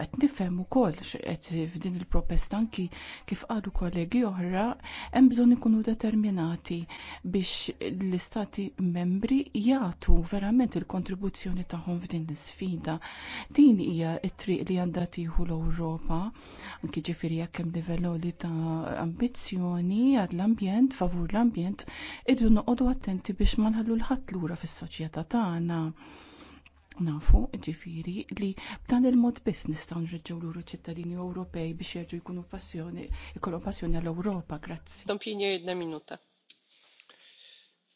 qed nifhem ukoll x'qed f'din il propesta anki kif qalu kollegi oħra hemm bżonn ikunu determinati biex l-istati membri jagħtu verament il-kontribuzzjoni tagħhom f'din l-isfida. Din hija t-triq li għandha tieħu l-Ewropa, anki ġifieri jekk hemm livell ta' ambizzjoni għall-ambjent, favur l-ambjent, irridu noqogħdu attenti biex ma nħallu l-ħadd lura fis-soċjetà tagħna nafu ġifiri li b'dan il-mod biss nistgħu nreġgħu luru ċittadini Ewropej biex jerġgħu jkunu passjoni, jkunu passjoni għall ewropa grazzi. Tompini jedna minuta.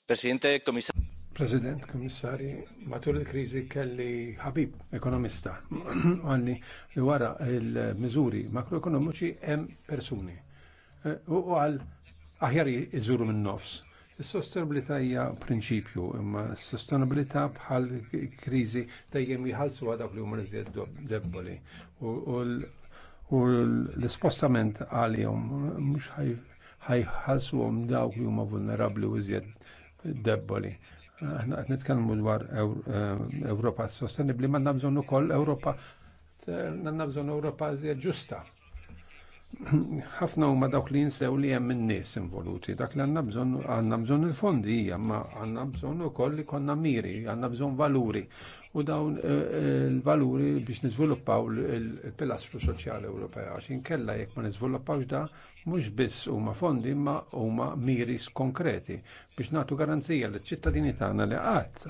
Presidente Komissar. President, Komissari, matul il-krizi kelli ħabib ekonomista Għanni li wara il-miżuri makroekonomiċi hemm persuni. Eh, u għal aħjar iżuru minn nofs il sostenibilità hija prinċipju, imma s-sostenibilità bħal krizi dejjem jħallsu għadak li huma iżjed deboli. U l-ispostament għalihom mhux ħajħallsuhom dawk li huma vulnerabbli u iżjed deboli. Aħna qed nitkellmu dwar Ewropa sostenibbli ma bżonn ukoll Ewropa għandna bżonn Ewropa ġusta ħafna huma dawk li jinsew li hemm in-nies involuti. Dak li għandna bżonn għandna bżonn il-fondi hija, ma għandna bżonn ukoll li konna miri, għandna bżonn valuri. U dawn eh, eh, il-valuri biex niżviluppaw il-pilastru soċjali Ewropea għax inkella jekk ma niżviluppawx da mhux biss huma fondi ma huma miri konkreti biex nagħtu garanzija liċ-ċittadini tagħna li qatt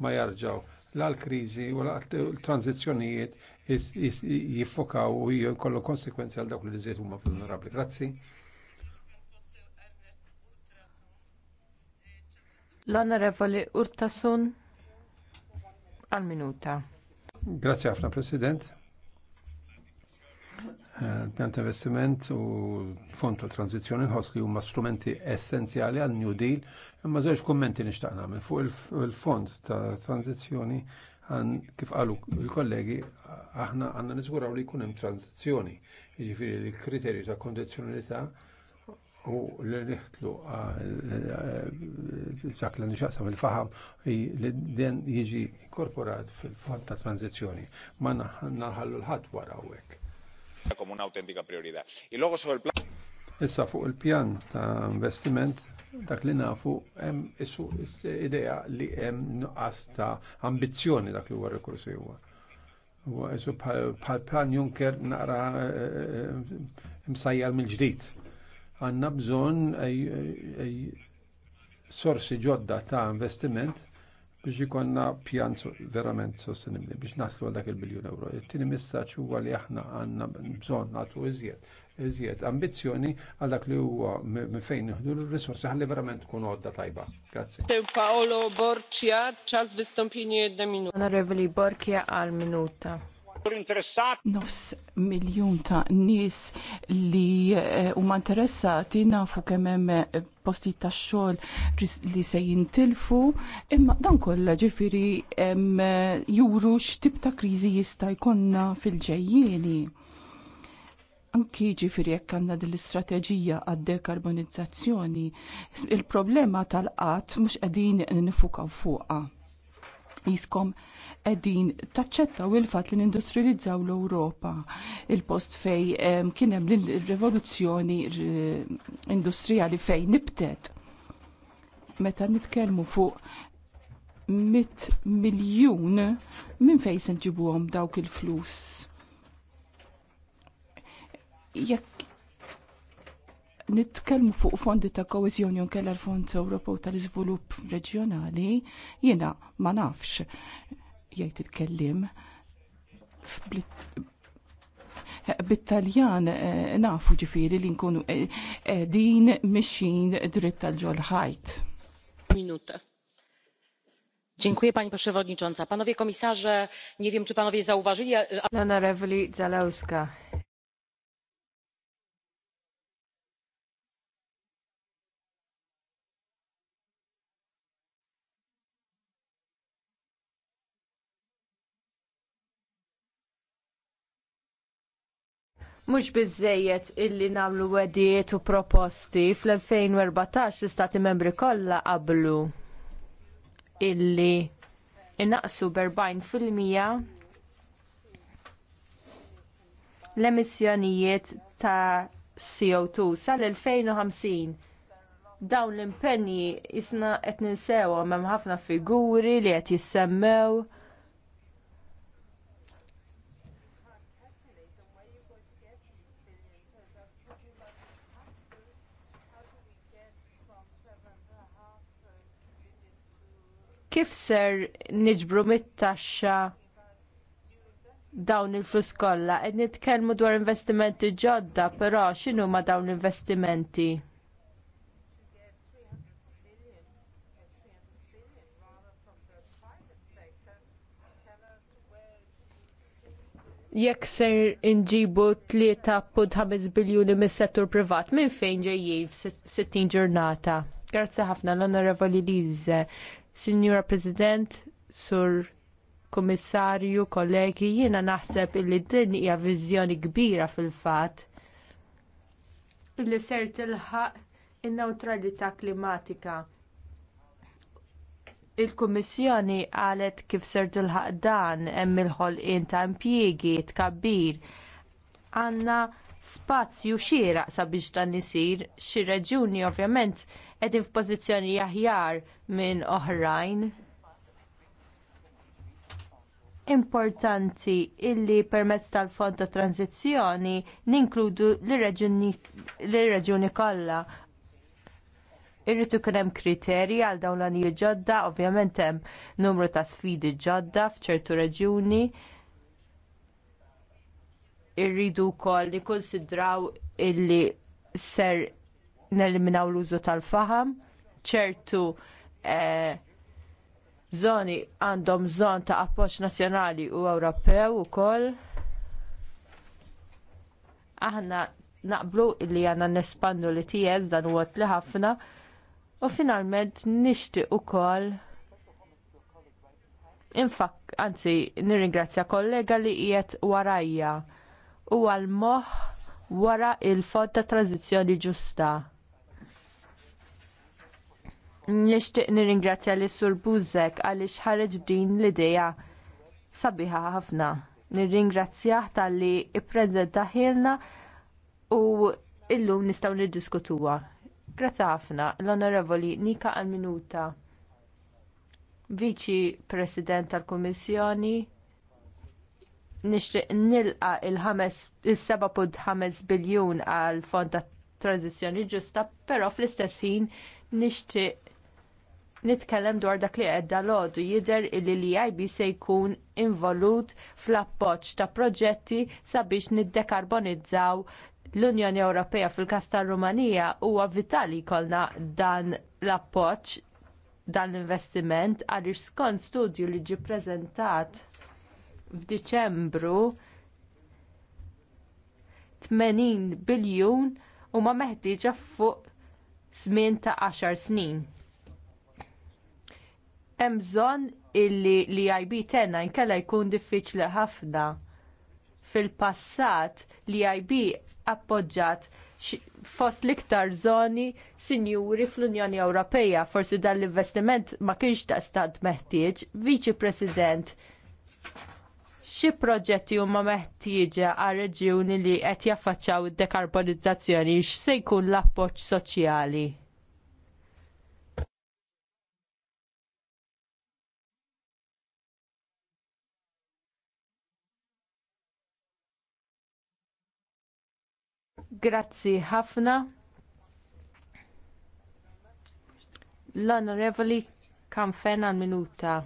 ma jarġaw l-għal kriżi u l-tranzizzjonijiet jiffokaw u jkollu konsekwenzi għal dawk li nżiet huma vulnerabbli. Grazzi. L-Onorevoli Urtasun għal minuta. Grazzi ħafna President. Eh, Pjant investiment u fond tal tranzizjoni nħoss li huma strumenti essenzjali għal New Deal, imma żewġ kommenti nixtaq nagħmel fuq il-fond ta' tranzizjoni għan kif għalu il-kollegi, aħna għanna nizguraw li jkun hemm tranzizzjoni, jiġifieri li l-kriterju ta' kondizzjonalità u li niħtlu dak li nixaqsam il-faham li den jiġi inkorporat fil-fond ta' tranzizzjoni. Ma naħallu l-ħadd wara hawnhekk. Issa fuq il-pjan ta' investiment dak li nafu hemm idea li hemm nuqqas ta' ambizzjoni dak li huwa rekursi huwa. Huwa Isu bħal plan Juncker naqra eh, eh, msajjal mill-ġdid. Għandna bżonn sorsi ġodda ta' investiment biex ikonna pjan verament sostenibli biex naslu għal dak il-biljun euro. Il-tini messaċ huwa li aħna għandna bżonn nagħtu iżjed iżjed ambizzjoni għal dak li huwa minn fejn nieħdu l-risorsi ħalli verament tkun għodda tajba. Grazzi. Paolo Borcia, ċas vistompini jedna minuta. Onorevoli Borcia għal minuta Nofs miljon ta' nis li eh, huma interessati nafu kemm hemm eh, posti ta' xogħol li se jintilfu, imma dan kollha ġifieri eh, juru x-tip ta' kriżi jista' jkollna fil-ġejjieni Anki ġifiri jekk għandna din l-istrateġija għad-dekarbonizzazzjoni, il-problema tal-qatt mhux qegħdin nifukaw fuqha. Jiskom qegħdin taċċettaw il-fatt li nindustrializzaw l-Ewropa, il-post fej kien hemm l-rivoluzzjoni industrijali fej nibtet. Meta nitkellmu fuq mit miljun minn fejn se nġibuhom dawk il-flus jekk nitkellmu fuq fondi ta' koezjoni u kellha l-Fond Ewropew tal-Iżvilupp Reġjonali, jiena ma nafx jgħid il-kellim bit-Taljan eh, nafu ġifieri li nkunu eh, eh, din mixin dritt tal ħajt. Minuta. Dziękuję Pani Przewodnicząca. Panowie Komisarze, nie wiem, czy Panowie zauważyli... rewli Zalewska, Mhux biżejjed illi nagħmlu wedijiet u proposti fl-2014 l-istati membri kollha qablu illi innaqsu b fil-mija l-emissjonijiet ta' CO2 sal-2050. Dawn l-impenji isna qed ninsewhom hemm ħafna figuri li qed jissemmew kif ser niġbru mit-taxxa dawn il-flus kollha qed nitkellmu dwar investimenti ġodda, però x'inhu ma dawn l-investimenti? Jekk ser inġibu 3.5 biljuni mis-settur privat, minn fejn ġejjin f'60 ġurnata? Grazzi ħafna l-Onorevoli Lize. Signora President, Sur Komissarju, kollegi, jiena naħseb illi din hija viżjoni kbira fil-fatt li ser tilħaq in-neutralità klimatika. Il-Kummissjoni qalet kif ser tilħaq dan hemm il-ħolqien ta' impjiegi tkabbir. Għandna spazju xieraq sabiex dan isir, xi reġuni ovvjament qegħdin f'pożizzjoni aħjar minn oħrajn. Importanti illi permezz tal-fond ta' tranzizzjoni ninkludu l-reġuni kollha. Irrid ikun hemm kriterji għal dawn l ġodda, ovvjament hemm numru ta' sfidi ġodda f'ċertu reġuni. Irridu wkoll ikkonsidraw illi ser neliminaw l-użu tal-faham, ċertu eh, zoni għandhom zon ta' appoċ nazjonali u Ewropew u koll. Aħna naqblu li għanna nespandu li tijes dan u li ħafna u finalment nishti u koll infak, anzi, nirringrazzja kollega li jiet warajja u għal moħ wara il-fod ta' tranzizjoni ġusta. Nixtieq nirringrazzja li sur Buzek għaliex ħareġ b'din l-idea sabiħa ħafna. Nirringrazzjah talli prezenta ħilna u illum nistgħu niddiskutuha. Grazzi ħafna l-Onorevoli Nika Al-Minuta, Viċi President tal-Kummissjoni, nixtieq nilqa il-7.5 biljun għal fond ta' tranzizjoni ġusta, però fl-istess ħin nixtieq nitkellem dwar dak li għedda lodu jidher li l-IB se jkun involut fl appoġġ ta' proġetti sabiex niddekarbonizzaw l-Unjoni Ewropea fil każ tar Rumanija huwa vitali jkollna dan l appoġġ dan l-investiment għaliex skont studju li ġie ppreżentat f'Diċembru 80 biljun huma meħtieġa fuq żmien ta' 10 snin hemm bżonn illi li IB tenna inkella jkun diffiċli ħafna fil-passat li IB appoġġat fost l-iktar żoni sinjuri fl-Unjoni Ewropea. Forsi dan l-investiment ma kienx ta' meħtieġ. Viċi President, xi proġetti huma meħtieġa għal reġjuni li qed jaffaċċaw id-dekarbonizzazzjoni x'se jkun l-appoġġ soċjali? Grazzi ħafna. L-Onorevoli Kamfen minuta.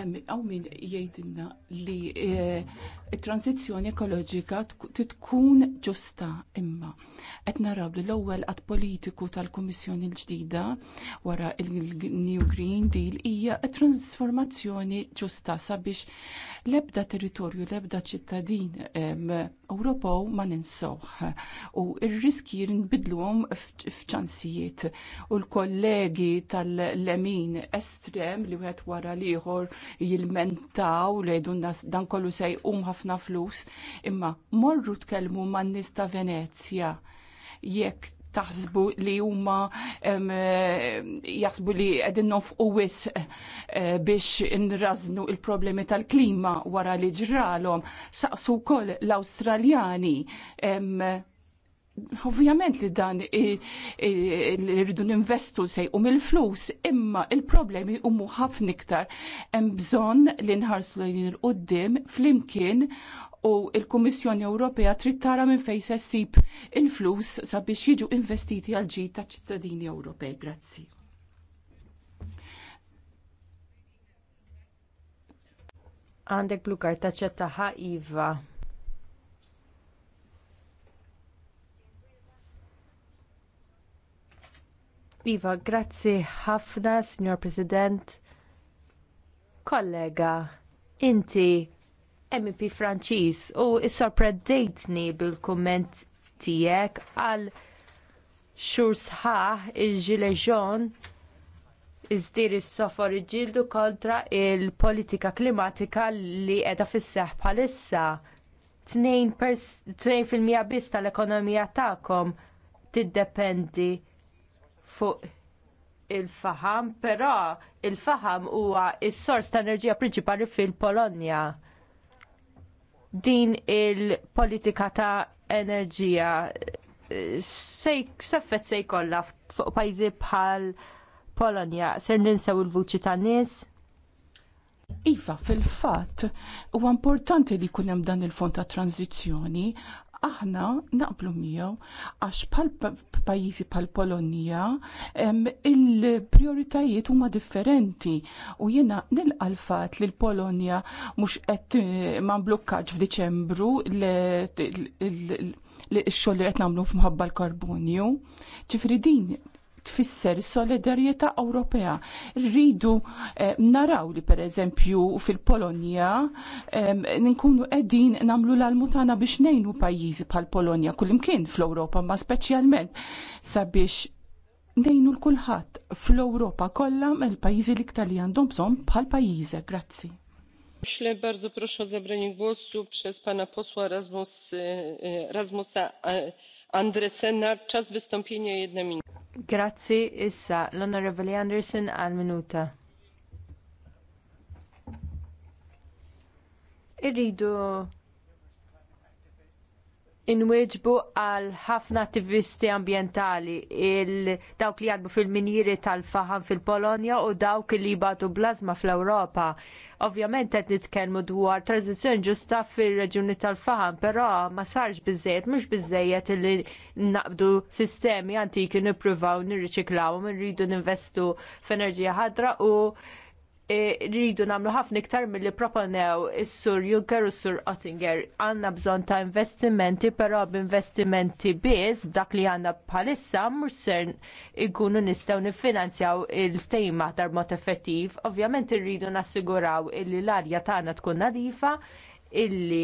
Għaw min jgħidilna li eh, it transizzjoni ekoloġika tkun ġusta imma. Qed naraw li l-ewwel qatt politiku tal-Kummissjoni l-ġdida wara il-New Green Deal hija trasformazzjoni ġusta sabiex l-ebda territorju, l-ebda ċittadin Ewropew ma ninsoħ u r-riski jinbidluhom f'ċansijiet u l-kollegi tal-lemin estrem li wieħed wara l ieħor jilmentaw li dan kollu sejqum ħafna ħafna flus, imma morru tkellmu man nies ta' Venezja jekk taħsbu li huma eh, jaħsbu li qegħdin nofqu wis eh, biex nraznu il-problemi tal-klima wara li ġralhom saqsu wkoll l-Awstraljani Ovvjament li dan li rridu ninvestu sejqu mill-flus, imma il-problemi umu ħafna iktar. Hemm bżonn li nħarsu lejn il-qudiem flimkien u il-Kummissjoni Ewropea trid tara minn fejn se ssib il-flus sabiex jiġu investiti għal ġid ċittadini Ewropej. Grazzi. Għandek blu karta ċettaħa Iva. Iva, grazzi ħafna, Signor President. Kollega, inti MP Franċiż u sorprendejtni bil-kumment tiegħek għal xhur sħaħ il-ġileġon iżdir is-sofor iġildu kontra l politika klimatika li qiegħda fis-seħħ bħalissa. 2% biss tal-ekonomija tagħkom tiddependi fuq il-faham, però il-faham huwa s sors ta' enerġija prinċipali fil-Polonja. Din il-politika ta' enerġija eh, seffet se jkollha fuq pajjiżi bħal Polonja, ser ninsew il-vuċi ta' nies. Iva, fil fatt huwa importanti li jkun hemm dan il-fond ta' tranzizzjoni aħna naqblu miegħu għax bħal pajjiżi pal Polonija il-prioritajiet huma differenti u jiena nilqa l-fatt li l-Polonja mhux qed ma mblukkaġ f'Diċembru l-xogħol li qed nagħmlu f'mħabba l-karbonju. Ġifri din tfisser solidarjetà Ewropea. Rridu eh, naraw li pereżempju fil-Polonja eh, ninkunu qegħdin nagħmlu l-almutana biex ngħinu pajjiżi bħal Polonja kullimkien fl-Ewropa ma speċjalment sabiex ngħinu l-kulħadd fl-Ewropa kollha mill-pajjiżi li iktar li għandhom bżonn bħal pajjiżek. Grazzi. Myślę, bardzo proszę o zabranie głosu przez pana posła Rasmus, e, e, Rasmusa e, Andresena. Czas wystąpienia jedna minuta Grazzi issa l-Onorevoli Anderson għal minuta. Irridu inweġbu għal ħafna attivisti ambjentali dawk li jadbu fil-minjiri tal faħan fil-Polonja u dawk li jibatu blażma fl ewropa Ovvjament qed nitkellmu dwar tranzizzjoni ġusta fir-reġjuni tal-faħam, però ma sarx biżejjed mhux biżejjed li naqbdu sistemi antiki nippruvaw nirriċiklawhom, irridu ninvestu f'enerġija ħadra u Eh, rridu nagħmlu ħafna iktar milli proponew is-sur Juncker u s-sur Ottinger Għandna bżonn ta' investimenti, però b'investimenti biss b'dak li għandna bħalissa mhux ser ikunu nistgħu niffinanzjaw il-ftejma mod effettiv. Ovvjament irridu nassiguraw illi l-arja tagħna tkun nadifa, illi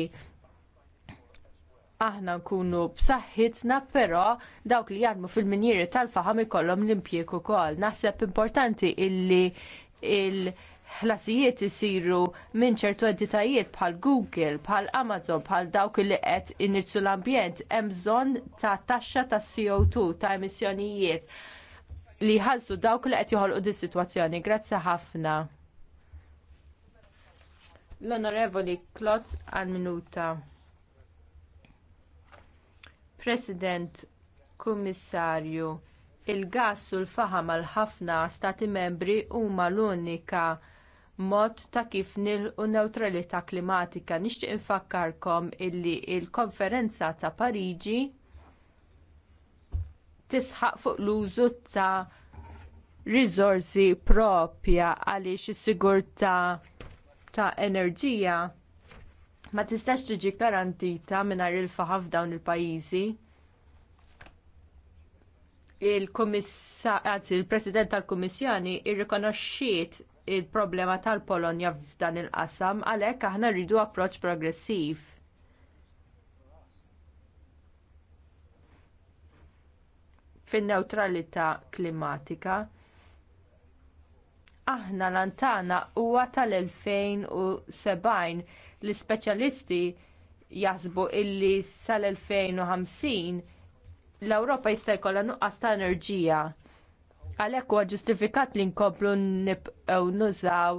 aħna nkunu b'saħħitna però dawk li jarmu fil-minjiri tal-faħam ikollhom l-impjieku ukoll. Naħseb importanti illi il- ħlasijiet isiru minn ċertu entitajiet bħal Google, bħal Amazon, bħal dawk li qed inirzu l-ambjent, hemm bżonn ta' taxxa ta' CO2 ta' emissjonijiet li ħalsu dawk li qed joħolqu dis sitwazzjoni. Grazzi ħafna. L-Onorevoli Klotz għal minuta. President, Kummissarju, il gass u l-faħam għal ħafna stati membri huma l-unika mod ta' kif nilqu newtralità klimatika. Nixtieq infakkarkom illi l il konferenza ta' Pariġi tisħaq fuq l-użu ta' riżorsi proprja għaliex is-sigurtà ta' enerġija ma tistax tiġi garantita mingħajr il-faħaf dawn il-pajjiżi. Il-President il president tal kummissjoni rrikonoxxiet il-problema tal-Polonja f'dan il-qasam għalhekk aħna rridu approċċ progressiv. fin-newtralità klimatika aħna lantana huwa tal-2070 l-ispeċjalisti jaħsbu illi sal-2050 l-Ewropa jista' jkollha nuqqas ta' enerġija Għalhekk huwa ġustifikat li nkomplu nibqgħu nużaw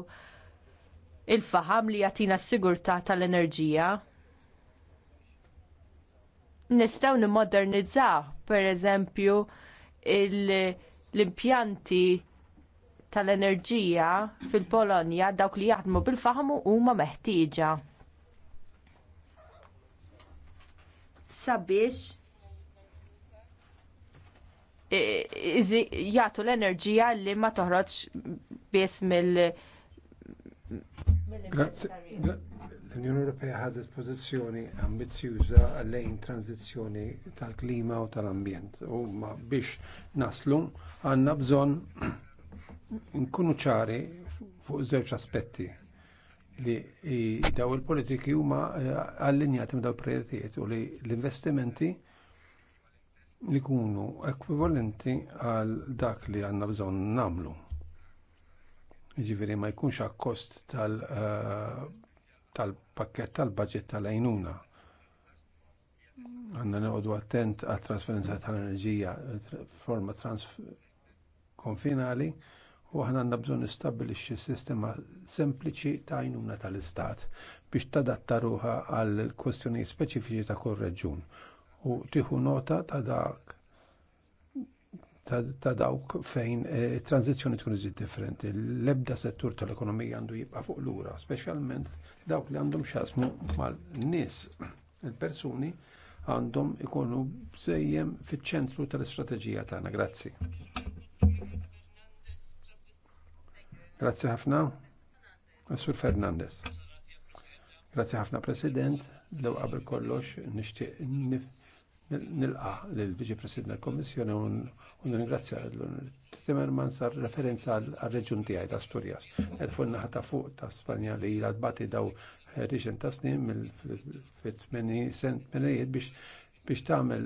il-faham li jagħtina s-sigurtà tal-enerġija. Nistgħu nimmodernizzaw, pereżempju, l-impjanti tal-enerġija fil-Polonja dawk li jaħdmu bil-faħmu huma meħtieġa. Sabiex jagħtu l-enerġija li ma toħroġ biss mill- L-Unjoni Ewropea ħadet pożizzjoni ambizzjuża lejn tranzizzjoni tal-klima u tal-ambjent. U ma biex naslu għandna bżonn nkunu ċari fuq żewġ aspetti li daw il-politiki huma eh, allinjati ma' daw il-prioritijiet u li l-investimenti li kunu ekvivalenti għal dak li għanna bżon namlu. Ġiviri ma jkunx kost eh, tal-pakket tal-budget tal-ajnuna. Għanna neħodu attent għal trasferenza tal-enerġija forma transkonfinali u għanna għanna bżon istabilixi sistema sempliċi ta' ajnuna tal-istat biex tadatta għal kwestjoni speċifiċi ta' kull reġun u tieħu nota ta' dak ta' dawk fejn eh, tranzizzjoni tkun iżid differenti. L-ebda settur tal-ekonomija għandu jibqa' fuq lura, speċjalment dawk li għandhom xasmu mal-nies. Il-persuni għandhom ikunu bżejjem fiċ-ċentru tal-istrateġija tagħna. Grazzi. Grazzi ħafna. Assur Fernandez. Grazzi ħafna President, l ewqa kollox nixtieq nilqa l-Viċi President tal-Kommissjoni u ningrazzja Timmerman sar referenza għal-reġun tiegħi ta' Asturias. Qed fuq naħa ta' fuq ta' Spanja li ilha tbati daw riġen ta' snin mill-fit biex biex tagħmel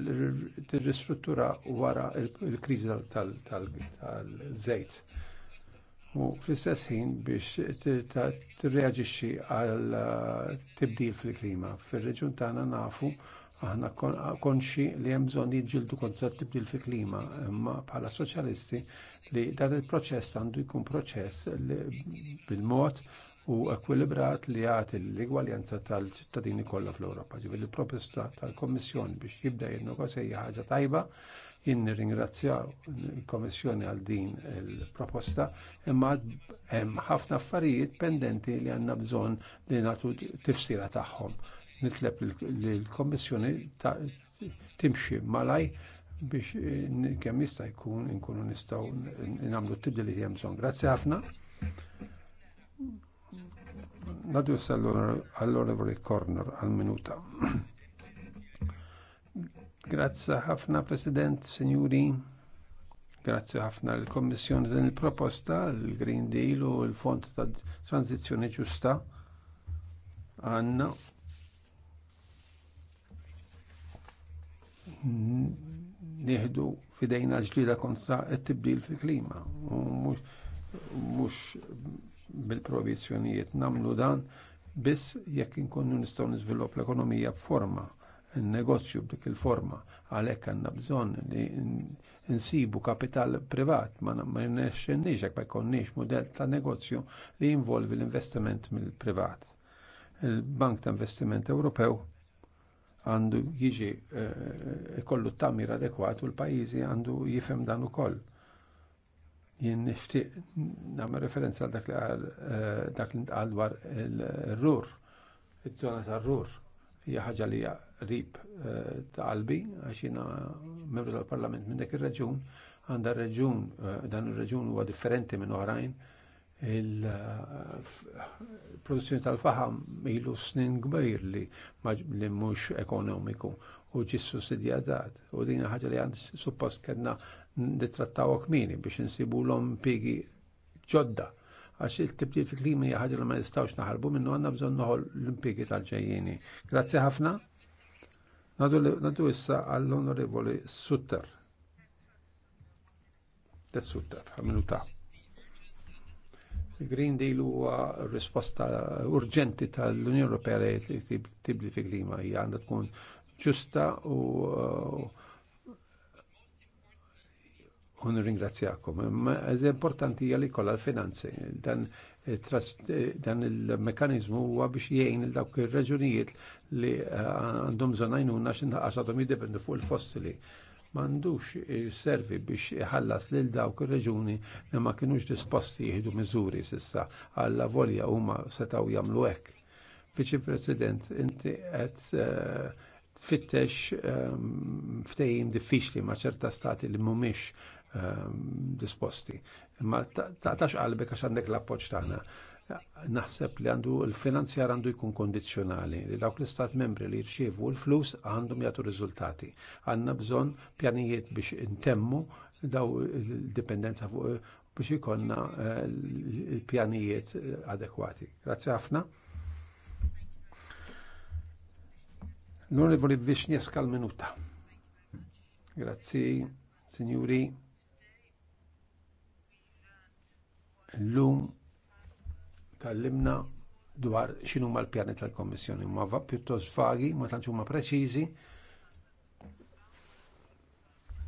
ristruttura wara l-kriżi tal-żejt. U fl-istess ħin biex tirreaġixxi għal tibdil fil-klima. Fir-reġun tagħna nafu Aħna konxi li hemm bżonn jiġġieldu kontra tibdil fi klima, imma bħala soċjalisti li dan il-proċess għandu jkun proċess bil-mod u ekwilibrat li għati l-igwaljanza tal-ċittadini kollha fl-Ewropa. Ġifieri il-proposta tal-Kommissjoni biex jibda jinnegozja ħaġa tajba, jinn ringrazzja il-Kommissjoni għal din il-proposta, imma hemm ħafna affarijiet pendenti li għandna bżonn li nagħtu tifsira tagħhom nitleb l-Kommissjoni timxi malaj biex eh, kemm jista' jkun inkunu nistgħu nagħmlu tibdil li hemm bżonn. Grazzi ħafna. Nadu għall-Onorevoli Corner għal-minuta. Grazzi ħafna President, Sinjuri. Grazzi ħafna l-Kommissjoni din il-proposta, l-Green Deal u l-Fond ta' Transizjoni Ġusta. Għanna nieħdu fidejna ġdida kontra t-tibdil fil-klima. Mux bil-provizjonijiet namlu dan biss jekk inkunnu nistgħu niżvilupp l-ekonomija b'forma, n negozju b'dik il-forma, għalhekk għandna bżonn li nsibu kapital privat, ma nirnexxenniex jekk ma jkollniex mudell ta' negozju li jinvolvi l-investiment mill-privat. Il-Bank ta' Investiment Ewropew għandu jiġi eh, ikollu t-tamir adekwat u l-pajizi għandu jifem dan ukoll. Jien nixtieq nagħmel referenza għal dak li għal eh, dak li ntqal dwar ir-rur, iż-żona tar-rur. Hija ħaġa li rib eh, ta' qalbi għax jiena membru tal-Parlament minn dak ir-reġun, għandha reġun dan ir-reġun huwa differenti minn oħrajn il-produzzjoni tal-faham ilu snin kbir li, li mhux ekonomiku u ġis sussidjadat. U din ħagġa li għand suppost kena nittrattaw kmini biex nsibu l-om pigi ġodda. Għax il-tibdil fi klima hija ħaġa li ma nistawx naħarbu minnu għanna bżonn noħol l impigi tal-ġejjieni. Grazie ħafna. Nadu issa għall-onorevoli Sutter. Des Sutter, għamilu ta' green Deal huwa risposta urġenti tal-Unjoni Ewropea li tibli fi klima hija għandha tkun ġusta u un uh, ringrazzjakom. Ma importanti li kolla l-finanzi. Dan eh, eh, dan il-mekanizmu huwa biex jgħin il dawk ir-raġunijiet li eh, għandhom zonajnuna x'inħaqas għadhom jiddependu fuq il-fossili mandux servi biex iħallas lil dawk ir-reġuni li ma kinux disposti jieħdu miżuri sissa għalla volja huma setaw jagħmlu hekk. Viċi President, inti qed eh, tfittex ehm, ftehim diffiċli ma' ċerta stati li mhumiex ehm, disposti. Ma taqtax qalbek għax għandek l-appoġġ tagħna naħseb li għandu l-finanzjar għandu jkun kondizjonali li dawk l-istat membri li jirċievu l-flus għandhom jgħatu rizultati. Għanna bżon pjanijiet biex intemmu daw l dipendenza fuq biex ikonna eh, l-pjanijiet eh, adekwati. Grazzi ħafna. L-Onorevoli Vishnieska l-minuta. Grazie, signori. L-lum Tallimna dwar xinu ma l-pjani tal-Kommissjoni, ma va pjuttost vagi, ma tantx huma preċiżi.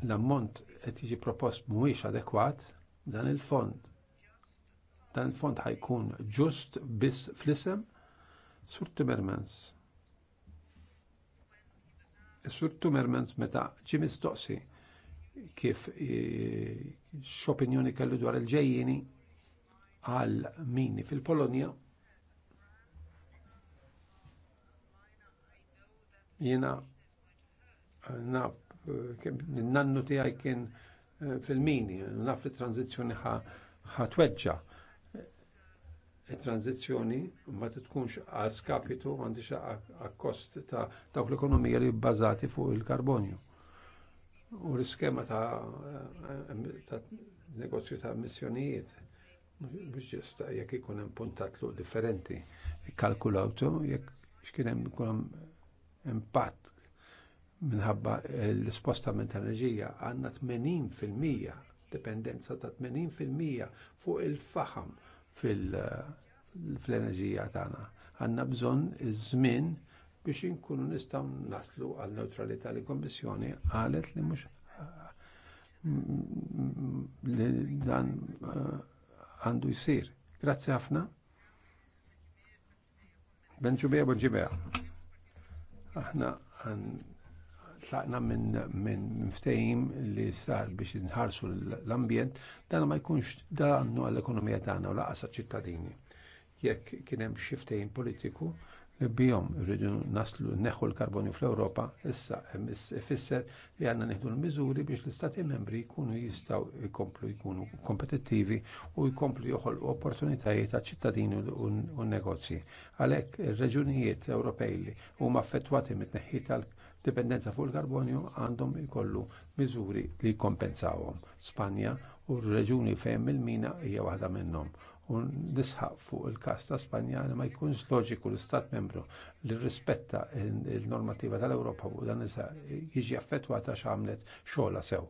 L-ammont qed jiġi propost mhuwiex adekwat dan il-fond. Dan il-fond ħajkun ġust biss fl-isem Sur Timmermans. Sur Timmermans meta ġi mistoqsi kif x'opinjoni kellu dwar il-ġejjini għal mini fil-Polonja jena eh, naf eh, nannu tiegħi kien eh, fil-mini, naf li tranzizzjoni ħatweġġa. Il-tranzizzjoni e ma titkunx għal skapitu għandi kost ta' dawk l-ekonomija li bbażati fuq il-karbonju. U l-iskema ta' negozju ta' missjonijiet mhux ġesta jekk ikun hemm puntatlu differenti ikkalkulawtu jekk x'kien hemm ikun hemm impatt minħabba l-spostament ta' enerġija għandna 80% dependenza ta' 80% fuq il-faħam fil-enerġija tagħna. Għandna bżonn iż-żmien biex inkunu nistgħu naslu għal neutralità li kommissjoni qalet li mhux li dan għandu jsir. Grazzi ħafna. Benġubija, benġubija. Aħna tlaqna minn min, min ftejim li sar biex nħarsu l-ambjent, dan ma jkunx dan għall-ekonomija tagħna u laqqas ċittadini. Jekk kien hemm xi politiku, li bijom rridu naslu neħu l-karbonju fl-Europa, issa ifisser li għanna neħdu l-mizuri biex l-istati membri jkunu jistaw jkomplu jkunu kompetittivi u jkomplu joħol opportunitajiet għal ċittadini u negozji. Għalek ir reġunijiet Ewropej li huma affettwati mit-neħħi tal-dipendenza fuq il-karbonju għandhom jkollu miżuri li jkompensawhom. Spanja u r-reġuni fejn il-mina hija waħda minnhom u nisħaq fuq il kasta spanjana Spanja li ma jkunx loġiku l-Istat membru li rispetta il-normativa tal-Ewropa u dan nisa jiġi affettwata x'għamlet xogħla sew.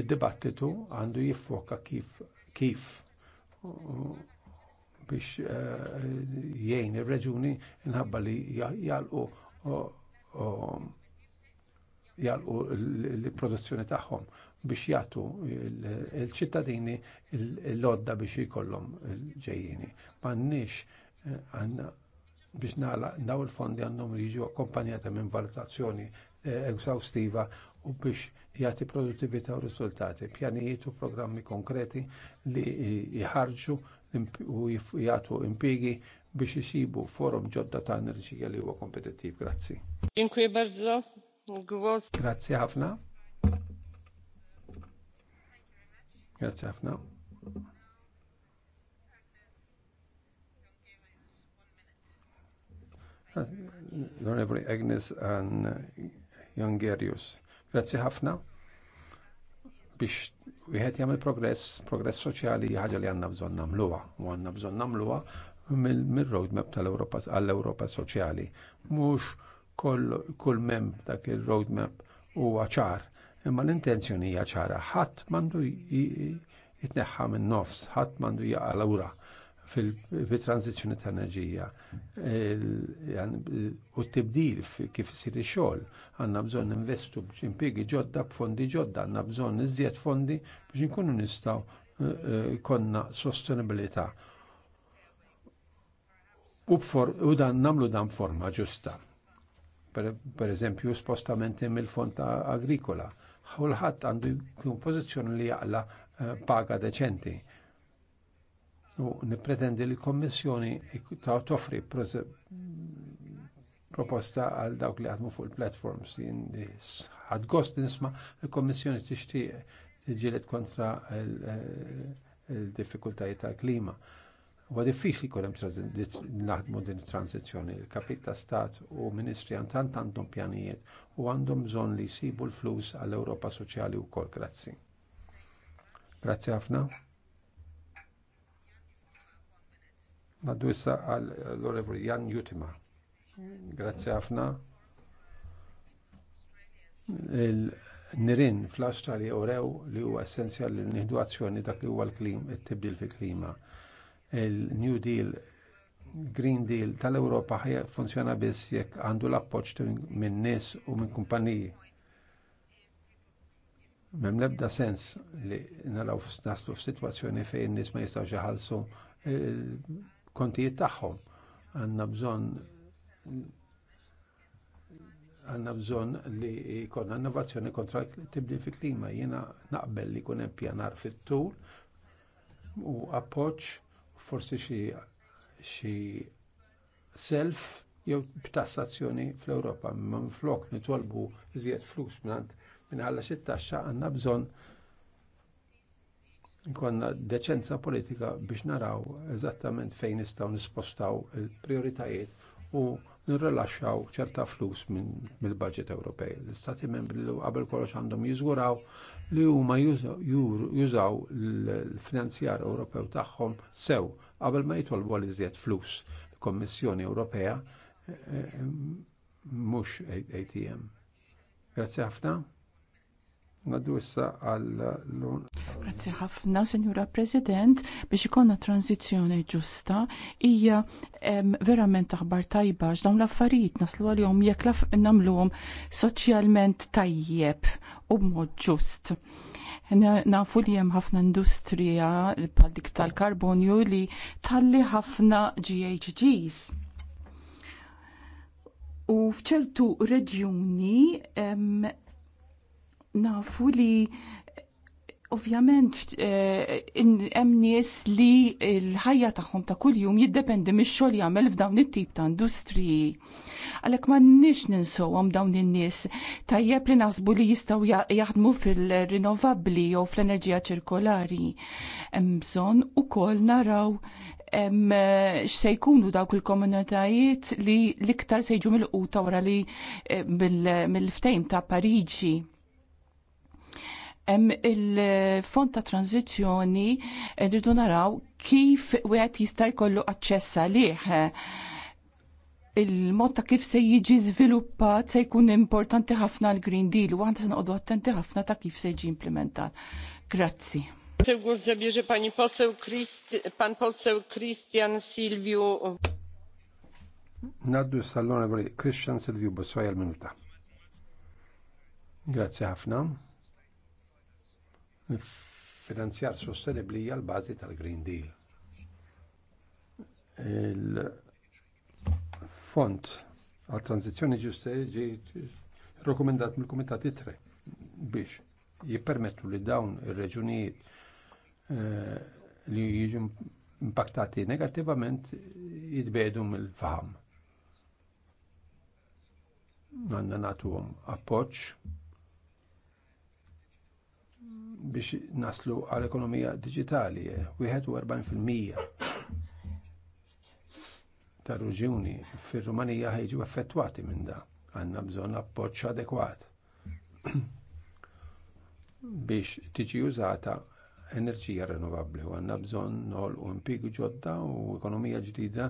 Id-dibattitu għandu jiffoka kif kif biex eh, jgħin ir-reġuni nħabba li jgħalqu jgħalqu l-produzzjoni tagħhom biex jagħtu l-ċittadini l-lodda biex jkollhom ġejjini. Mannix eh, għanna biex nagħlaq daw il-fondi għandhom jiġu akkompanjata minn valutazzjoni egzaustiva eh, u biex jagħti produttività u riżultati, pjanijiet u programmi konkreti li jħarġu u jagħtu impiegi biex jisibu forum ġodda ta' enerġija li huwa kompetittiv. Grazzi. Dziękuję bardzo. Głos. Grazzi ħafna. Grazie ħafna. L-Onorevoli Agnes and Ann Jongerius. Grazie ħafna biex wieħed jagħmel progress, progress soċjali ħaġa li għandna bżonn nagħmluha u għandna bżonn nagħmluha mill-roadmap tal-Ewropa għall-Ewropa soċjali. Mhux kull mem dak il-roadmap huwa ċar Imma l-intenzjoni hija ċara, ħadd m'għandu jitneħħa minn nofs, ħadd m'għandu jaqa' lura fil-transizjoni ta' enerġija u t-tibdil kif isir ix-xogħol għandna bżonn investu b'impiegi ġodda b'fondi ġodda, għandna bżonn iżjed fondi biex inkunu nistgħu eh, eh, konna sostenibilità. U dan namlu dan forma ġusta. Per eżempju, spostamenti mill-fond agrikola ħulħat għandu jkun pożizzjoni li jaqla eh, paga deċenti. U nipretendi li kommissjoni toffri proposta għal dawk li għadmu fuq il-platforms. Għad gost nisma l kommissjoni tixtieq tiġilet kontra eh, il-diffikultajiet tal-klima. Il Huwa diffiċli jkun hemm naħdmu din it Il-kapit ta' stat u ministri għantant għandhom pjanijiet u għandhom bżonn li jsibu l-flus għall-Ewropa Soċjali wkoll. Grazzi. Grazzi ħafna. Naddu issa għall-Onorevoli Jan Jutima. Grazzi ħafna. nirin fl u rew li huwa essenzjali li nieħdu azzjoni dak li huwa l-klim, it-tibdil fil-klima il-New Deal Green Deal tal-Europa ħajja funzjona biss jekk għandu l-appoġġ minn nies u minn kumpaniji. Mem lebda sens li naraw naslu f'sitwazzjoni fejn nies ma jistgħux iħallsu eh, kontijiet tagħhom. Għandna bżonn għanna bżon li jkollna innovazzjoni kontra tibdil fi klima. Jiena naqbel li jkun hemm pjanar fit-tul u appoġġ forsi xi xi self jew b'tassazzjoni fl-Ewropa. Minn flok nitolbu iżjed flus minn minħalla xi taxxa għandna bżonn nkonna deċenza politika biex naraw eżattament fejn nistgħu nispostaw il-prioritajiet u nirrelaxxaw ċerta flus minn mill-budget Ewropej. L-Istati membri li qabel kollox għandhom jiżguraw li huma jużaw l-finanzjar Ewropew tagħhom sew qabel ma jitolbu għal iżjed flus. l Kommissjoni Ewropea eh, eh, mhux ATM. Grazzi ħafna. Madwissa għall għal Grazie Grazzi ħafna, Senjura President, biex ikonna tranzizjoni ġusta, hija verament taħbar tajba dawn l-affarijiet naslu għal-jom jek namluhom soċjalment tajjeb u b'mod ġust. Nafu li hemm ħafna industrija bħal dik tal-karbonju li talli ħafna GHGs. U fċertu reġjuni nafu li ovvjament eh, hemm nies li l-ħajja tagħhom ta' kuljum jiddependi mix-xogħol jagħmel f'dawn it-tip ta' industriji. Għalhekk m'għandniex ninsowhom dawn in-nies tajjeb li naħsbu li jistgħu jaħdmu fil rinovabbli jew fl-enerġija ċirkolari. Hemm bżonn ukoll naraw eh, x'se jkunu dawk il-komunitajiet li l-iktar se jiġu mill-quta wara li eh, mill-ftejm ta' Pariġi hemm il-fond ta' tranzizzjoni rridu naraw kif wieħed jista' jkollu aċċess għalih. Il-mod ta' kif se jiġi żviluppat se jkun importanti ħafna l-Green Deal u għandha se noqogħdu attenti ħafna ta' kif se jiġi implementat. Grazzi. Głos zabierze pani poseł pan poseł Christian Silviu. Naddu s-sallon Christian Silviu bosswaj minuta Grazie ħafna finanzjar sostenibli hija l-bażi tal-Green Deal. Il-fond għal tranzizzjoni ġusta ġi rekomendat mill komitat ITRE biex jippermettu li dawn il reġunijiet eh, li jiġu impaktati negativament jitbedu mill-faham. Għanna natu appoċ biex naslu għal ekonomija digitali, 41% eh, ta' ruġuni fir-Rumanija ħejġu effettuati minn da. Għanna bżonn appoġġ adekwat biex tiġi użata enerġija rinnovabbli għanna bżon nol u impigu ġodda u ekonomija ġdida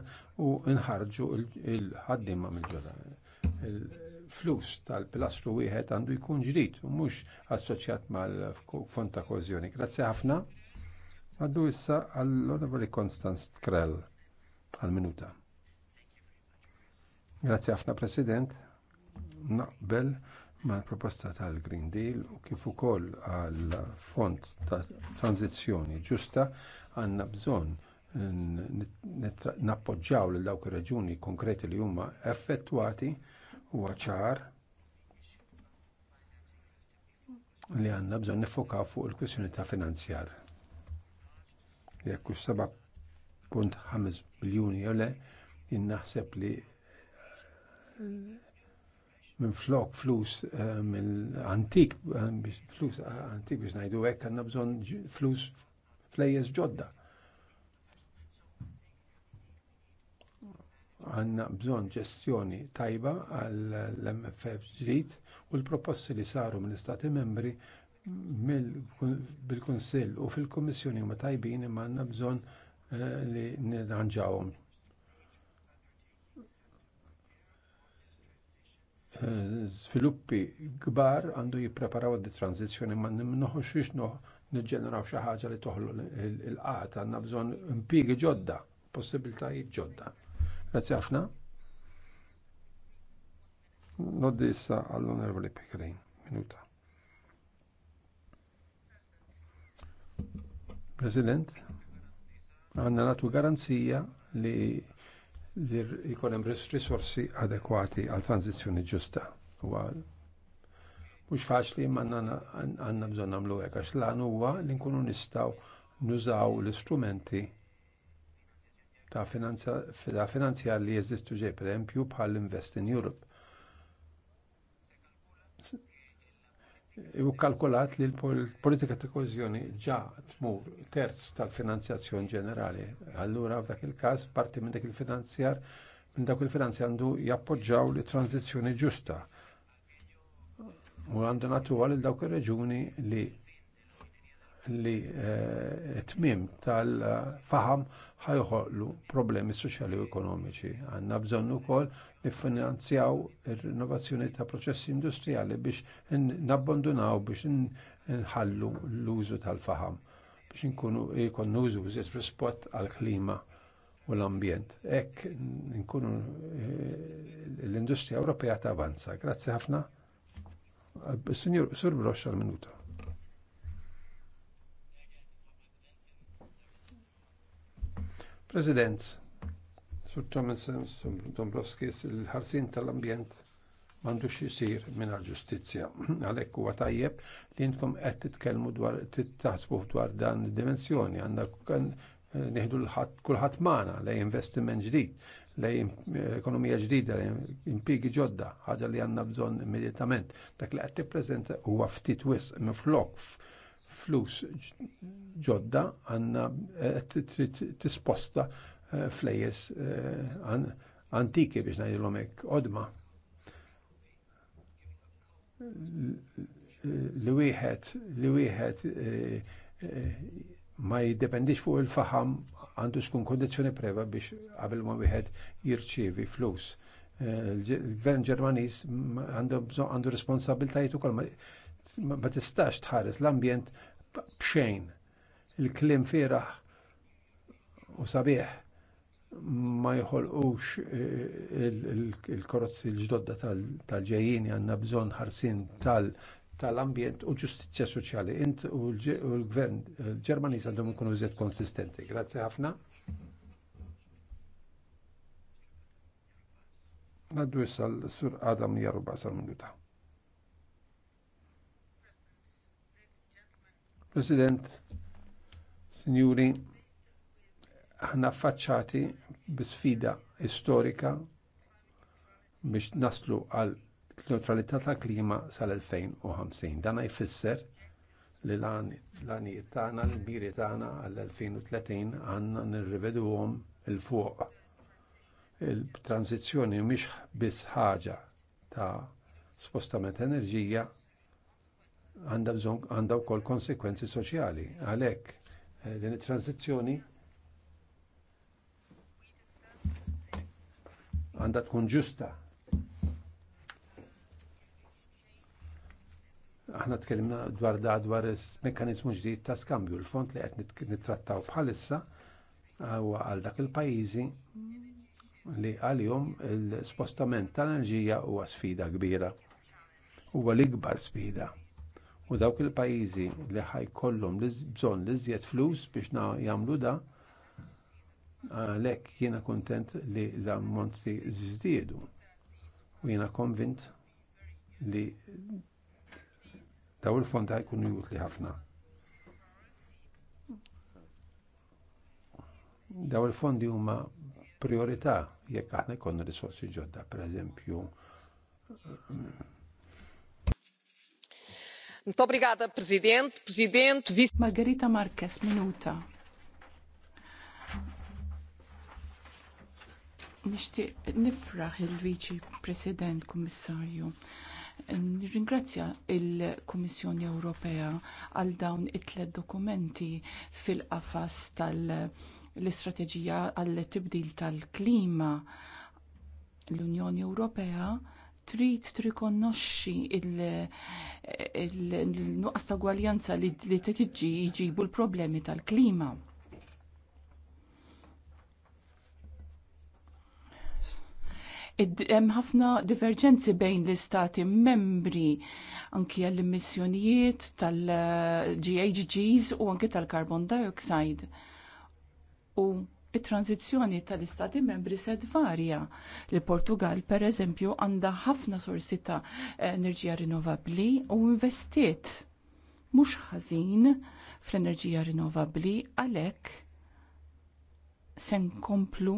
u nħarġu il ma' mill-ġodda flus tal-pilastru wieħed għandu jkun ġdid u mhux assoċjat mal-fond ta' kozjoni. Grazzi ħafna. Għaddu issa għall-Onorevoli Konstanz Krell għal-minuta. Grazzi ħafna President. Naqbel mal-proposta tal-Green Deal u kif ukoll għall fond ta' tranzizjoni ġusta għandna bżonn nappoġġaw lil dawk ir-reġuni konkreti li huma effettwati huwa ċar li għanna bżon nifoka fuq il-kwistjoni ta' finanzjar. Jekk hux 7.5 biljuni jole, jinnaħseb li eh, minn flok flus eh, minn antik eh, flus antik biex najdu għek, għanna bżon flus flejjes ġodda. għanna bżon ġestjoni tajba għall-MFF ġdid u l-proposti li saru mill-Istati membri bil-Kunsill u fil kummissjoni huma tajbin imma għandna bżonn eh, li nirranġawhom. Eh, sviluppi kbar għandu jippreparaw di tranzizjoni ma nimnoħux xiex niġġeneraw xi ħaġa li toħlu l-qata għandna bżonn impjiegi ġodda, possibiltajiet ġodda. Grazie ħafna. Noddi issa għall-Onorevoli Pekrin. Minuta. President, għanna natu garanzija li li jkollem risorsi adekwati għal tranzizjoni ġusta. Mux faċli manna għanna bżon għamlu għek, għax l-għan huwa li nkunu nistaw nużaw l-istrumenti ta' finanzjar li jeżistu ġej pereempju bħal Invest in Europe. U kalkulat li l-politika ta' kohezjoni ġa tmur terz tal-finanzjazzjoni ġenerali. Allura f'dak il-każ parti minn dak il-finanzjar minn dak il-finanzjar għandu jappoġġaw li tranzizzjoni ġusta. U għandu natu għal dawk ir-reġuni li li eh, tmim tal-faham ħajħollu problemi soċjali u ekonomiċi. Għanna bżonn ukoll li finanzjaw ir-rinnovazzjoni ta' proċessi industrijali biex nabbandunaw biex nħallu l-użu tal-faham biex nkunu jkunu użu użiet rispot għal-klima u l-ambjent. Ek nkunu eh, l-industrija Ewropea ta' avanza. Grazzi ħafna. Sur Brox għal-minuta. President, Sur Thomas Dombrovski, il-ħarsin tal-ambjent mandux jisir minna ġustizja. Għalek huwa tajjeb li jintkom qed titkellmu dwar titaħsbu dwar dan dimensjoni għandna eh, nieħdu kulħadd magħna lej investiment ġdid, lej eh, ekonomija ġdida, lej impigi ġodda, ħaġa li għandna bżonn immedjatament. Dak li qed tippreżenta huwa ftit wisq miflok flus ġodda għanna eh, t-sposta eh, flejes eh, antiki biex najdilom ek odma. l wieħed l wieħed ma jiddependix fuq il-faham għandu skun kondizjoni preva biex qabel ma wieħed jirċievi flus. Il-gvern Ġermaniż għandu responsabiltajiet ukoll ma tistax tħares l-ambjent bxejn. Il-klim firaħ u sabieħ ma jħolqux eh, il-korozzi l-ġdodda tal-ġejjini għanna bżon ħarsin tal-ambjent u ġustizja soċjali. Int u l-gvern ġermanis għandhom ikunu zed konsistenti. Grazzi ħafna. Naddu jissal sur Adam Jaruba sal-minuta. President, signori, ħna affaċċati sfida istorika biex naslu għal neutralità tal klima sal-2050. Dan jfisser li l-għanijiet tagħna, l-biri tagħna għall-2030 għandna nirriveduhom il-fuq. Il-tranzizzjoni mhix biss ħaġa ta' spostament enerġija għandha wkoll konsekwenzi soċjali. Għalhekk eh, din it-tranzizzjoni għandha tkun ġusta. Aħna tkellimna dwar da dwar meccanizmu ġdid ta' skambju l-font li qed nittrattaw bħalissa eh, huwa għal dak il-pajjiżi li għalihom l spostament tal-enerġija huwa sfida kbira. Huwa l-ikbar sfida. U dawk il-pajjiżi li ħajkollhom bżonn li zjed flus biex na jagħmlu da, għalhekk jiena kontent li l monti żdiedu. U jiena konvint li daw il-fond jkunu jutli ħafna. daw il-fondi huma priorità jekk aħna jkollna risorsi ġodda, per eżempju, Obrigada, President. Vice... Margarita Marquez, minuta. Nishtiq nifraħ il-Viċi President Kummissarju. Ringrazzja il-Kummissjoni Ewropea għal dawn it-tlet dokumenti fil-qafas tal-istrateġija għall tibdil tal-klima. L-Unjoni Ewropea trid trikonoxxi il-nuqqas ta' gwaljanza li tiġi jġibu l-problemi tal-klima. Hemm ħafna diverġenzi bejn l-istati membri anki għall immissjonijiet tal-GHGs u anki tal-carbon dioxide. U it-tranzizzjoni tal-istati membri se tvarja. Il-Portugal, per eżempju, għandha ħafna sorsi ta' enerġija rinnovabbli u investiet mhux ħażin fl-enerġija rinnovabbli għalhekk se nkomplu,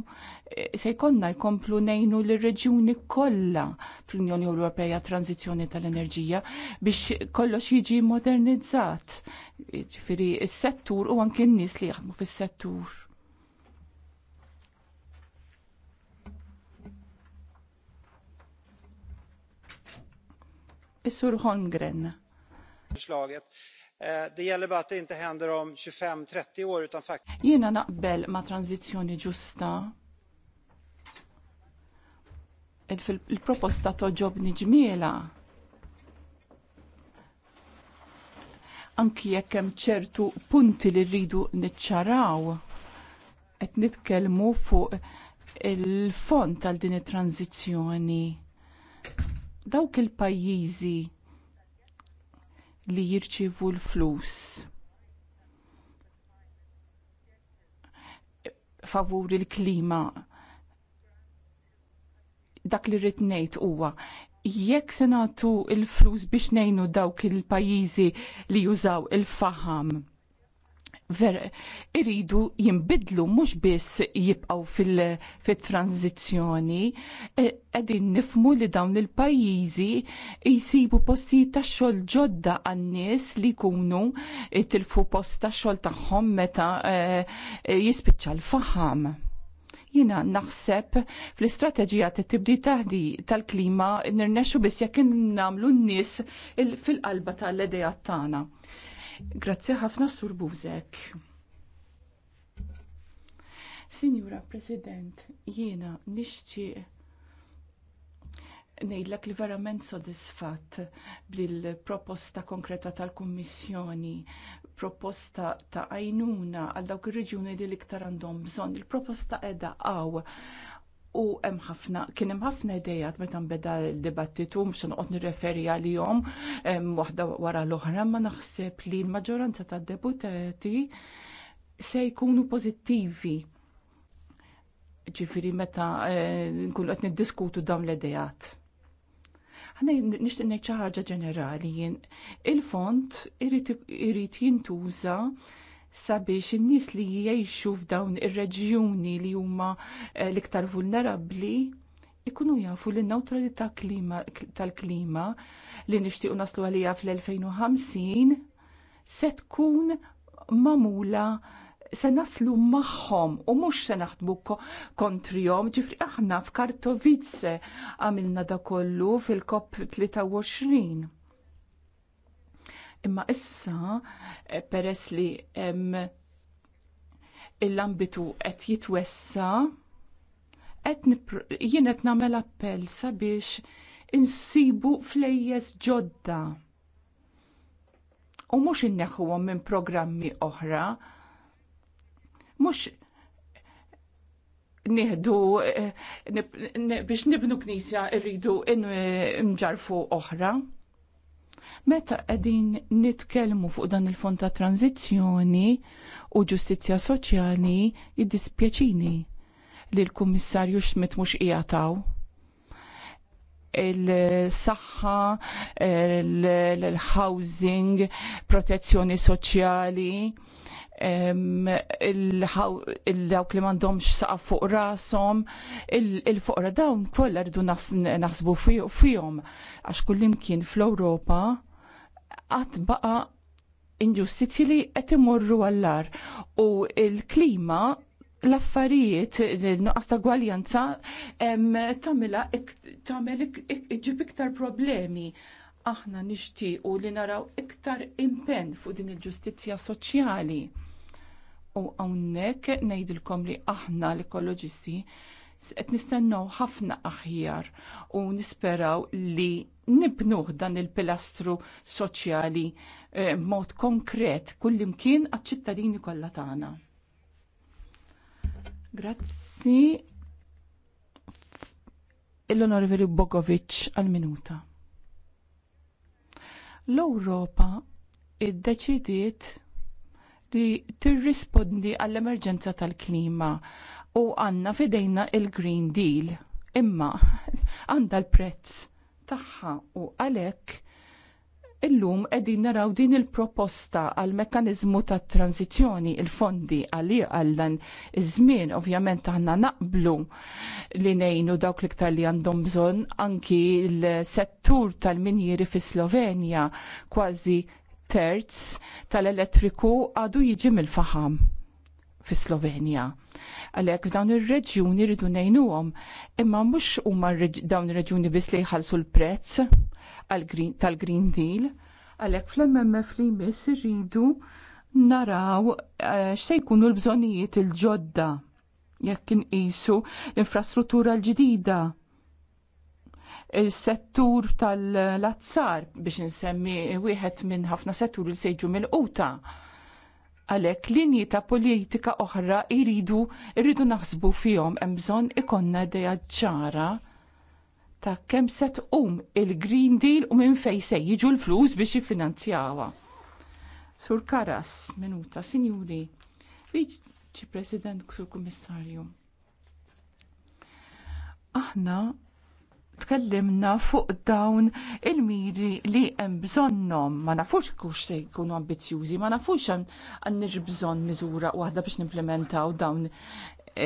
eh, se jkollna jkomplu nejnu l reġjuni kollha fl-Unjoni Ewropea tranzizzjoni tal-enerġija biex kollox jiġi modernizzat. Ġifieri s-settur u anke n-nies li jaħdmu fis-settur sur Holmgren. Förslaget. Eh, det gäller bara att det inte händer om 25-30 år utan faktiskt... Jiena naqbel ma' tranzizjoni ġusta il-proposta toġobni ġmiela. Anki jekk hemm ċertu punti li rridu niċċaraw qed nitkellmu fuq il-font tal din it-tranzizzjoni dawk il-pajjiżi li jirċivu l-flus favur il-klima dak li rrid ngħid huwa jekk se nagħtu l flus biex ngħinu dawk il-pajjiżi li jużaw il-faham ver iridu jimbidlu mhux biss jibqgħu fil-tranzizzjoni, e, qegħdin nifmu li dawn il-pajjiżi jsibu postijiet ta' xogħol ġodda għan-nies li jkunu tilfu post ta' xogħol tagħhom meta e, e, jispiċċa l-faħam jina naħseb fl-istrateġija ta' tibdi taħdi tal-klima nirnexxu biss jekk nagħmlu n-nies fil-qalba tal-idea tagħna. Grazzi ħafna Sur Buzek. Signora President, jiena nixtieq ngħidlek li verament sodisfatt bil-proposta konkreta tal-Kummissjoni, proposta ta' għajnuna għal dawk ir-reġjuni li liktar għandhom bżonn. Il-proposta edha għaw u hemm ħafna kien hemm ħafna idejat meta nbeda l-dibattitu mhux noqgħod nirreferi għalihom waħda wara l-oħra ma naħseb li l-maġġoranza tad-deputati se jkunu pożittivi. Ġifieri meta eh, nkunu qed niddiskutu dawn l-idejat. Ħana nixtieq ngħid xi ħaġa ġenerali jien. Il-fond irid jintuża sabiex in-nies li jgħixu f'dawn ir-reġjuni li huma eh, l-iktar vulnerabbli ikunu jafu li n-neutralità tal-klima li nixtiequ naslu għalija fl-2050 se tkun mamula se naslu magħhom u mhux se naħdmu kontrihom, ġifri aħna f'Kartovice għamilna da kollu fil-COP 23 Imma issa, eh, peress li l-ambitu qed jitwessa, jien qed nagħmel appell sabiex insibu flejjes ġodda. U mhux inneħħuhom minn programmi oħra, mhux nieħdu eh, biex nibnu knisja rridu nġarfu oħra. Meta qegħdin nitkellmu fuq dan il-fond ta' tranzizzjoni u ġustizzja soċjali jiddispjaċini li l-Kummissarju xmit mhux qiegħataw il-saħħa, il-housing, protezzjoni soċjali, il-dawk li mandomx saqaf fuq rasom, il-fuqra dawn kollha rridu naħsbu fihom għax kullimkien fl-Ewropa għat baqa inġustizji li qed imorru għallar u il-klima l-affarijiet nuqqas ta' gwaljanza tamela tamel iġib iktar problemi aħna nixtiequ li naraw iktar impenn fuq din il-ġustizzja soċjali. U hawnhekk ngħidilkom li aħna l-ekoloġisti qed nistennew ħafna aħjar u nisperaw li nibnuh dan il-pilastru soċjali eh, b'mod mod konkret kullimkien għat ċittadini kollha tagħna. Grazzi l-Onorevoli Bogovic għal-minuta. L-Europa iddeċidiet li tirrispondi għall-emerġenza tal-klima u għanna fidejna il-Green Deal. Imma għanda l-prezz tagħha u għalhekk illum qegħdin naraw din il-proposta għal mekkaniżmu ta' tranzizjoni il-fondi għalli għallan iż-żmien ovvjament aħna naqblu li ngħinu dawk l-iktar li għandhom bżonn anki l-settur tal-minjiri fi Slovenja kważi terz tal-elettriku għadu jiġi mill-faħam fi Slovenja. Għalhekk f'dawn ir-reġjuni rridu ngħinuhom, imma mhux huma dawn ir-reġjuni biss li jħallsu l-prezz tal-Green Deal, għalhekk fl-MMF li jmiss irridu naraw eh, x'se jkunu l-bżonnijiet il-ġodda jekk inqisu l-infrastruttura l-ġdida il-settur tal-azzar biex nsemmi wieħed minn ħafna settur li sejġu mill-quta Għalhekk linji ta' politika oħra jridu irridu naħsbu fihom hemm bżonn ikonna idea ċara ta' kemm se tqum il-Green Deal u minn fejn se jiġu l-flus biex jiffinanzjawha. Sur Karas, minuta, sinjuri, viċi President, Sur Kummissarju. Aħna tkellimna fuq dawn il-miri li hemm bżonnhom. Ma nafux kux se jkunu ambizjużi, ma nafux għandniex bżonn miżura waħda biex nimplementaw dawn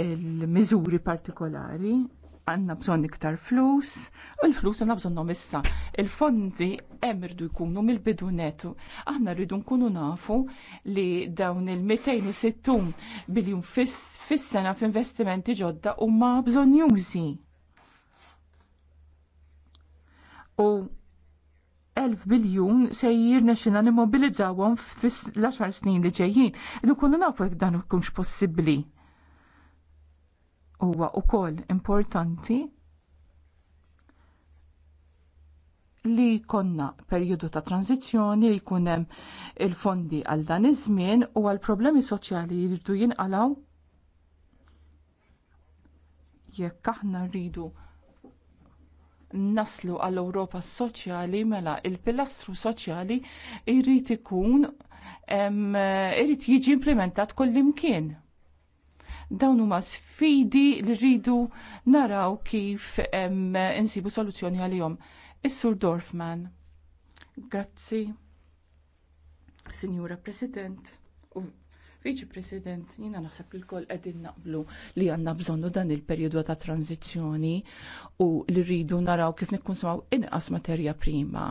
il-miżuri partikolari. Għanna bżonn iktar flus, u l-flus għanna bżonnom issa. Il-fondi hemm irdu jkunu mill-bidu netu. Aħna rridu nkunu nafu li dawn il-260 biljun fis-sena f'investimenti ġodda u ma bżonn jużi u 1000 biljun se jirnexina immobilizzawhom fl-10 snin li ġejjin. Idu kullu nafu jekk dan ikunx possibbli. Huwa wkoll importanti li konna perjodu ta' tranzizjoni li jkun hemm il-fondi għal dan iż-żmien u għal problemi soċjali jridu jinqalgħu. jekk aħna rridu naslu għall ewropa soċjali mela il-pilastru soċjali jrid ikun irrid jiġi implementat kullimkien. Dawn huma sfidi li rridu naraw kif em, insibu soluzzjoni għalihom. Is-Sur Dorfman. Grazzi. Signora President, Viċi President, jina naħseb li l-koll edin naqblu li għanna bżonnu dan il-periodu ta' tranzizjoni u li rridu naraw kif nikkonsumaw inqas materja prima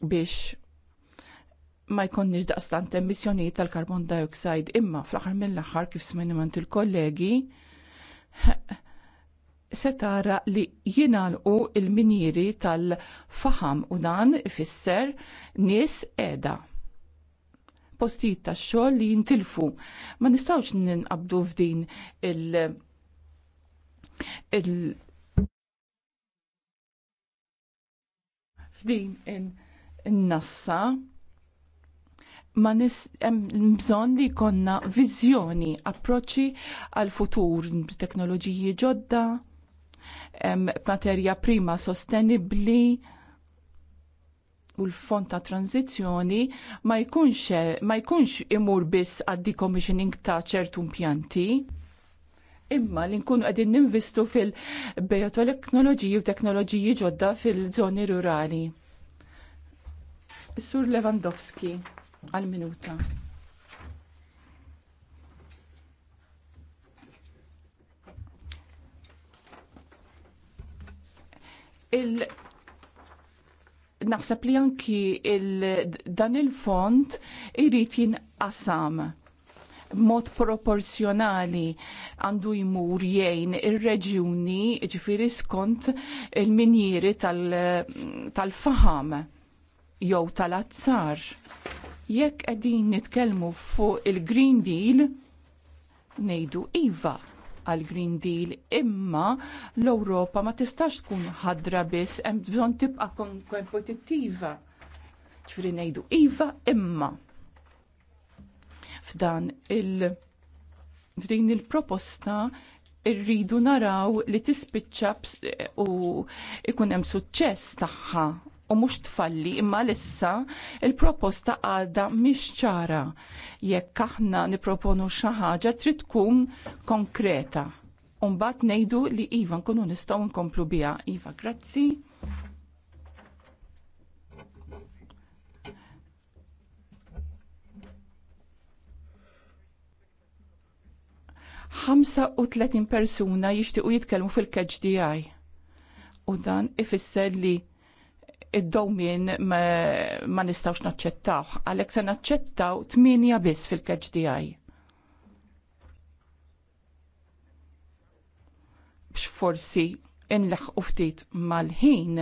biex ma jkonniġ daqstant emissjonijiet tal-carbon dioxide imma fl-aħħar mill-aħħar kif mant il-kollegi se tara li jinalqu il miniri tal-faham u dan ifisser nies qiegħda postijiet ta' xogħol li jintilfu. Ma nistgħux ninqabdu f'din il- il f'din in-nassa ma nis bżonn li jkollna viżjoni, approċċi għal futur, teknoloġiji ġodda, materja prima sostenibbli u l-fond ta' tranzizjoni ma jkunx ma jkunx imur biss għad decommissioning ta' ċertu impjanti. Imma li nkunu qegħdin ninvestu fil-bioteknoloġiji u teknoloġiji ġodda fil-żoni rurali. Sur Lewandowski għal minuta. il naħseb li anki dan il-fond irrit jinqasam mod proporzjonali għandu jmur jgħin ir-reġjuni ġifiri skont il-minjiri tal-faham jew tal-azzar. Jekk qegħdin nitkellmu fuq il-Green Deal, ngħidu iva għal Green Deal, imma l-Ewropa ma tistax tkun ħadra biss, hemm bżonn tibqa' kompetittiva. Ġifieri ngħidu iva imma. F'dan il- f'din il-proposta irridu naraw li tispiċċa u ikun hemm suċċess tagħha u mhux tfalli imma lissa il-proposta għadha mhix ċara. Jekk aħna nipproponu xi ħaġa trid tkun konkreta. Umbat ngħidu li iva nkunu nistgħu nkomplu biha. Iva, grazzi. Ħamsa u tletin persuna jixtiequ jitkellmu fil-keġ u dan ifisser li id-dowmin ma nistawx naċċettawx, għalek se naċċettaw 8 biss fil-KHDI. Bx forsi inleħ uftit mal-ħin.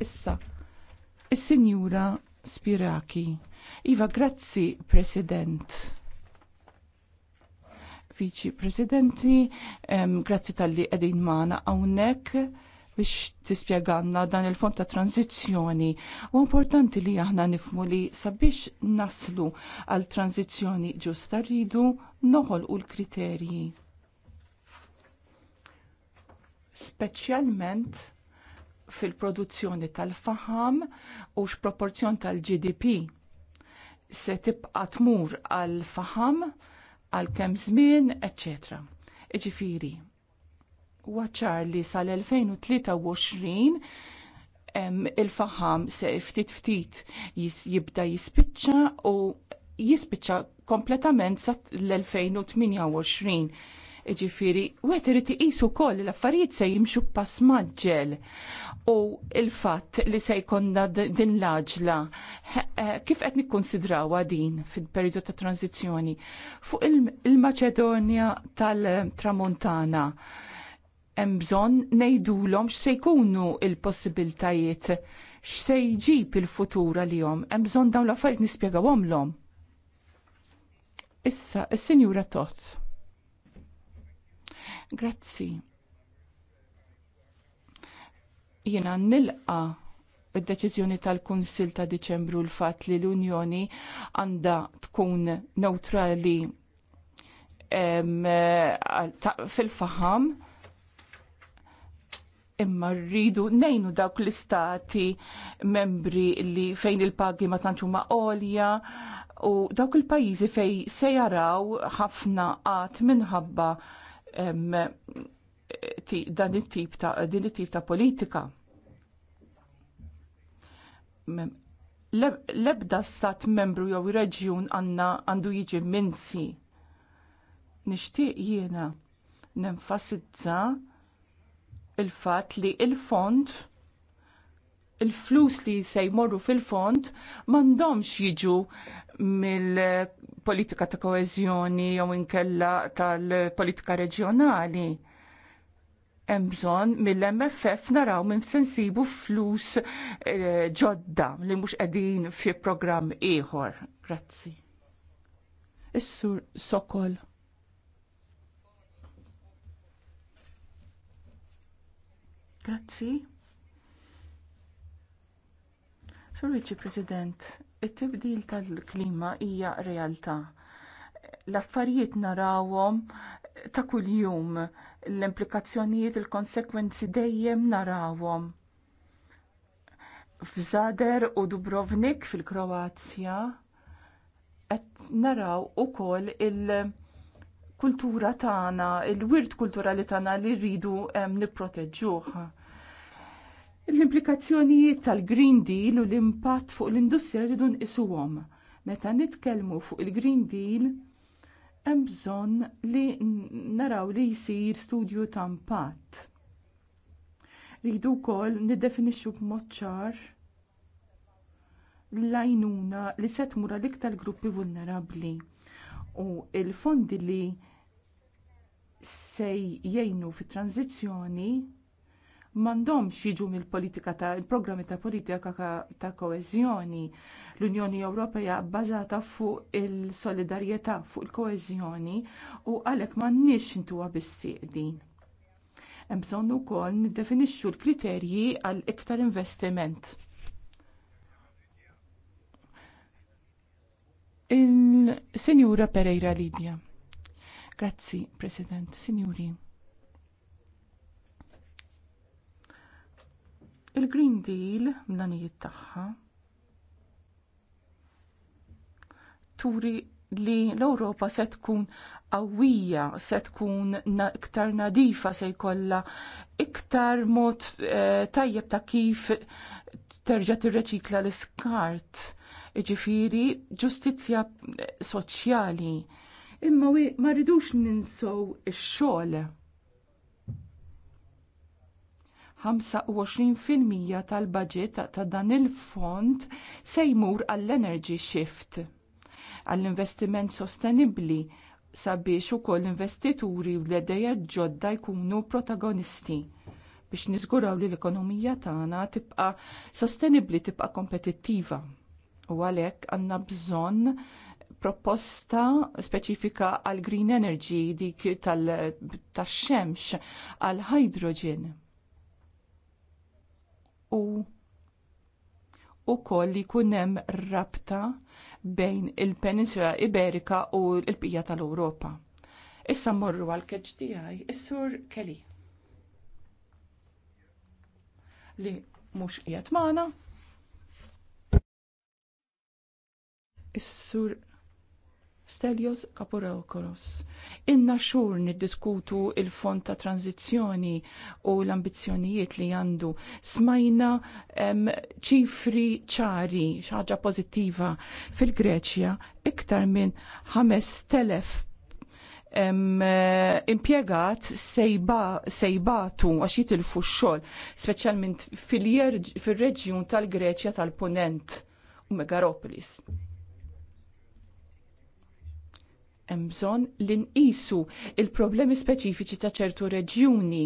Issa, il sinjura Spiraki. Iva, grazzi, President. Fiċi, Presidenti, um, grazzi tal-li edin maħna għawnek biex tispjeganna dan il-fond ta' tranzizzjoni. U importanti li aħna nifmu li sabiex naslu għal tranzizzjoni ġusta rridu noħol u l-kriterji. Speċjalment fil-produzzjoni tal-faham u x-proporzjon tal-GDP se tibqa tmur għal faham għal kemm żmien, eċċetera. Iġifieri, waċar li sal-2023 il-faham se ftit ftit jibda jispiċċa u jispiċċa kompletament sa l-2028. Ġifiri, u għet irriti jisu koll l-affarijiet se jimxu pass maġġel u il-fat li se jkonna din laġla. Kif qed nikkonsidrawa din fil-periodu ta' tranzizjoni fuq il-Maċedonja tal-Tramontana? il maċedonja tal tramontana hemm bżonn ngħidulhom x'se jkunu l-possibiltajiet x'se jġib il-futur għalihom, hemm bżonn dawn l-affarijiet nispjegawhomlhom. Issa, is-Sinjura Tozz. Grazzi. Jiena nilqa id-deċiżjoni tal-Kunsil ta' Diċembru l-fatt li l-Unjoni għandha tkun neutrali eh, fil-faham imma rridu nejnu dawk l-istati membri li fejn il-pagi ma tantx huma għolja u dawk il-pajjiżi fej se jaraw ħafna qatt minħabba dan it-tip ta' din it-tip ta' politika. L-ebda stat membru jew reġjun għandna għandu jiġi minsi. Nixtieq jiena nenfasizza il-fat li il-fond il-flus li se jmorru fil-fond mandomx jiġu mill-politika ta' koezjoni jew inkella tal-politika reġjonali. Hemm bżonn mill-MFF naraw minn sensibu flus eh, ġodda li mhux qegħdin fi programm ieħor. Grazzi. Is-sur Sokol. Grazzi. Sur Viċi President, it-tibdil tal-klima hija realtà. L-affarijiet narawhom ta' kuljum, l-implikazzjonijiet, il-konsekwenzi dejjem narawhom. F'Zader u Dubrovnik fil-Kroazja qed naraw ukoll il-kultura tagħna, il-wirt kulturali tagħna li rridu ehm, nipproteġġuh L-implikazzjonijiet tal-Green Deal u l-impatt fuq l-industrija rridu nqisuhom. Meta nitkellmu fuq il-Green Deal, hemm bżonn li naraw li jsir studju ta' impatt. Rridu wkoll niddefinixxu b'mod ċar l-għajnuna li se tmur l-iktar gruppi vulnerabbli u l fondi li se jgħinu fit-tranzizzjoni m'għandhomx jiġu mill-politika ta' il-programmi ta' politika ta' koezjoni, L-Unjoni Ewropea bbażata fuq il-solidarjetà, fuq il-koeżjoni u għalhekk m'għandniex intuha bis-sieq din hemm bżonn ukoll niddefinixxu l-kriterji għal iktar investiment. Il-Sinjura Pereira Lidja. Grazzi, President, Signori. Il-Green Deal mlanijiet tagħha turi li l-Ewropa se tkun qawwija, se tkun iktar nadifa se jkollha iktar mod eh, tajjeb ta' kif terġa' tirreċikla l-iskart, iġifieri ġustizzja eh, soċjali. Imma ma rridux ninsow ix-xogħol 25% tal-budget ta' dan il-fond se jmur għall-energy shift, għall-investiment sostenibbli sabiex ukoll investituri u l-edeja ġodda jkunu protagonisti biex niżguraw li l-ekonomija tagħna tibqa' sostenibbli tibqa' kompetittiva. U għalhekk għandna bżonn proposta speċifika għal green energy dik tal-xemx għal hydrogen u koll li kunem rabta bejn il-Peninsula Iberika u l-bqija tal-Ewropa. Issa mmorru għal keġ tiegħi is-sur Kelly. Li mhux qiegħed magħna. Is-sur Stelios Kapurokoros. Inna xur niddiskutu il-fond ta' tranzizjoni u l-ambizjonijiet li għandu. Smajna ċifri ċari, xaġa pozittiva fil-Greċja, iktar minn 5.000 impiegat sejbatu għax jitilfu x-xol, specialment fil-reġjun tal-Greċja tal-Ponent u Megaropolis hemm bżonn li nqisu il-problemi speċifiċi ta' ċertu reġjuni.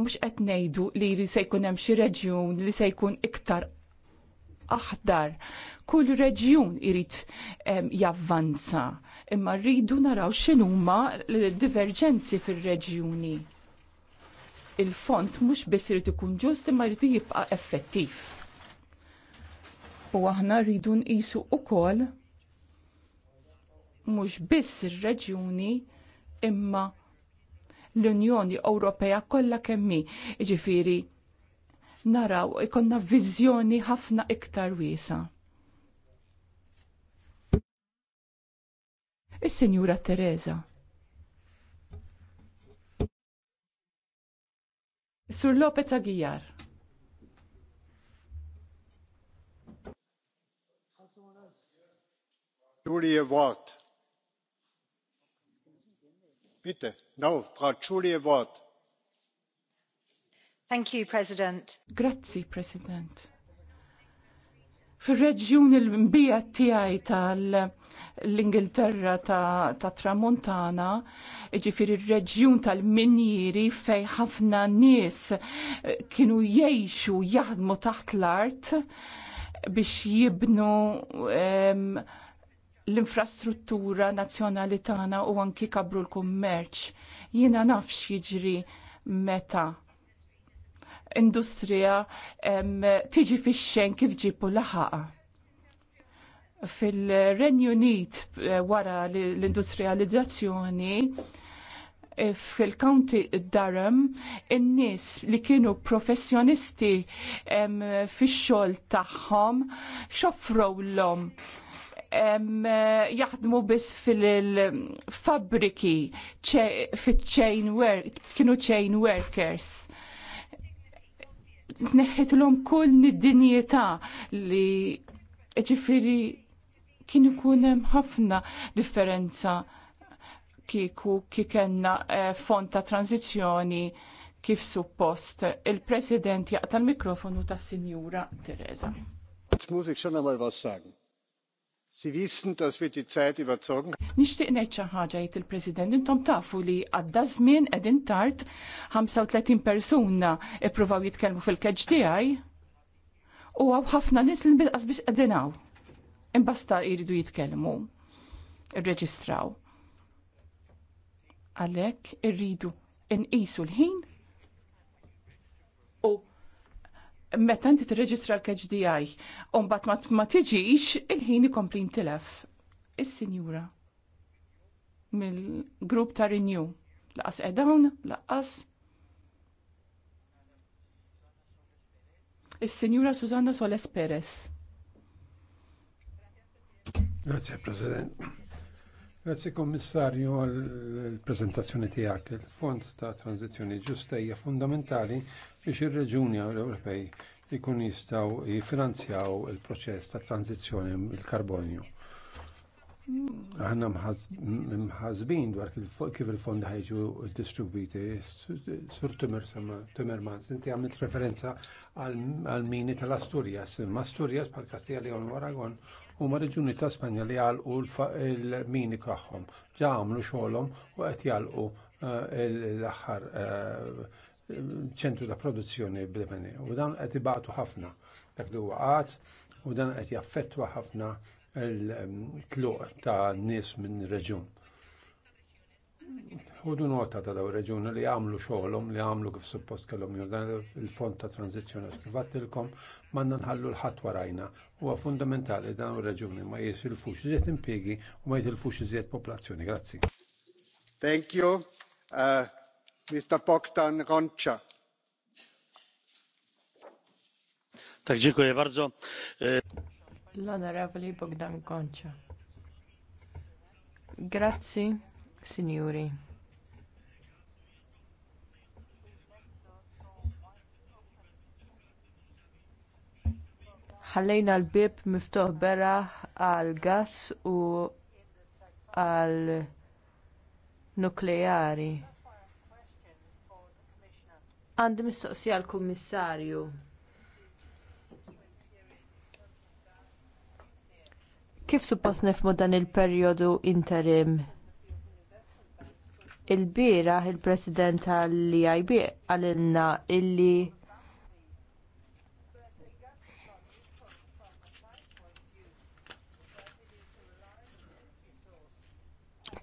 Mhux qed ngħidu li se jkun hemm xi reġjun li se jkun iktar aħdar. Kull reġjun irid javvanza, imma rridu naraw x'inhuma l-diverġenzi fir-reġjuni. Il-font mhux biss irid ikun ġust imma jrid jibqa' effettiv. U aħna rridu nqisu ukoll mhux biss ir-reġjuni imma l-Unjoni Ewropea kollha kemm hi, jiġifieri naraw ikonna viżjoni ħafna iktar wiesa. Is-Sinjura Tereża. Sur Lopez Aguilar. Julia Watt mr president fir-reġjun il-mbija tiegħi tal-Ingilterra ta' Tramontana, ġifieri ir-reġjun tal-Minjiri fejn ħafna nies eh, kienu jgħixu jaħdmu taħt l-art biex jibnu l-infrastruttura nazzjonali tagħna u anki kabru l-kummerċ. Jiena naf x'jiġri meta industrija tiġi fix-xejn kif ġipu laħaqa. Fil-Renju Unit eh, wara l-industrializzazzjoni eh, fil-County Durham in-nies li kienu professjonisti fix-xogħol tagħhom xofrow l-om jaħdmu biss fil-fabriki fiċ- chain work, kienu chain workers. l-om kull nid-dinjità li ġifiri kien ikun hemm ħafna differenza kieku kikenna eh, fond ta' tranzizzjoni kif suppost il-President jaqta' l-mikrofonu tas-Sinjura Teresa. Jetzt muss ich schon einmal Sie wissen, dass wir die Zeit überzogen haben. Nixtieq ngħid xi ħaġa jgħid il-President, intom tafu li għadda żmien qegħdin tard 35 persuna ippruvaw jitkellmu fil-keġ tiegħi u għaw ħafna nis li bilqas biex qegħdin hawn. Imbasta jridu jitkellmu, irreġistraw. Għalhekk irridu inqisu l-ħin u meta inti tirreġistra l-KHDI, mbagħad ma tiġix il-ħin ikompli ntilef. Is-sinjura mill-grupp ta' Renew. Laqas edawn, laqas. Is-sinjura Susanna Soles Perez. Grazie, President. Grazie Kommissarju għal prezentazzjoni tiegħek. Il-Fond ta' transizzjoni Ġusta hija fundamentali biex ir-reġuni Ewropej ikun jistgħu jiffinanzjaw il-proċess ta' tranzizzjoni mill-karbonju. Aħna mħazbin dwar kif il-fondi ħajġu distribuiti. Sur Mans, inti għamilt referenza għal mini tal-Asturias. Asturias pal Kastija li għon Aragon u ma reġuni ta' Spanja li u l-mini kħahom, Ġa għamlu xolom u għet eh, u l-axħar eh, ċentru ta' produzzjoni b'Leveni. U dan qed ibaqtu ħafna dak li huwa qatt u dan qed jaffettwa ħafna l-tluq ta' nies minn reġun. du nota ta' daw reġuni li għamlu xogħolhom li għamlu kif suppost kellhom dan il-fond ta' tranzizzjoni għax kif manna nħallu l-ħadd warajna. Huwa fundamentali dan u reġuni ma jisilfux iżjed impjiegi u ma jitilfux iżjed popolazzjoni. Grazzi. Thank you. Uh l-onorevoli bogdan koncia grazzi sinjuri ħallejna l-bib miftuħ beraħ għal gass u għal nukleari. Għandi mistoqsija l-Kummissarju. Kif suppost nifmu dan il-perjodu interim? Il-bira il-President tal-IB għalinna illi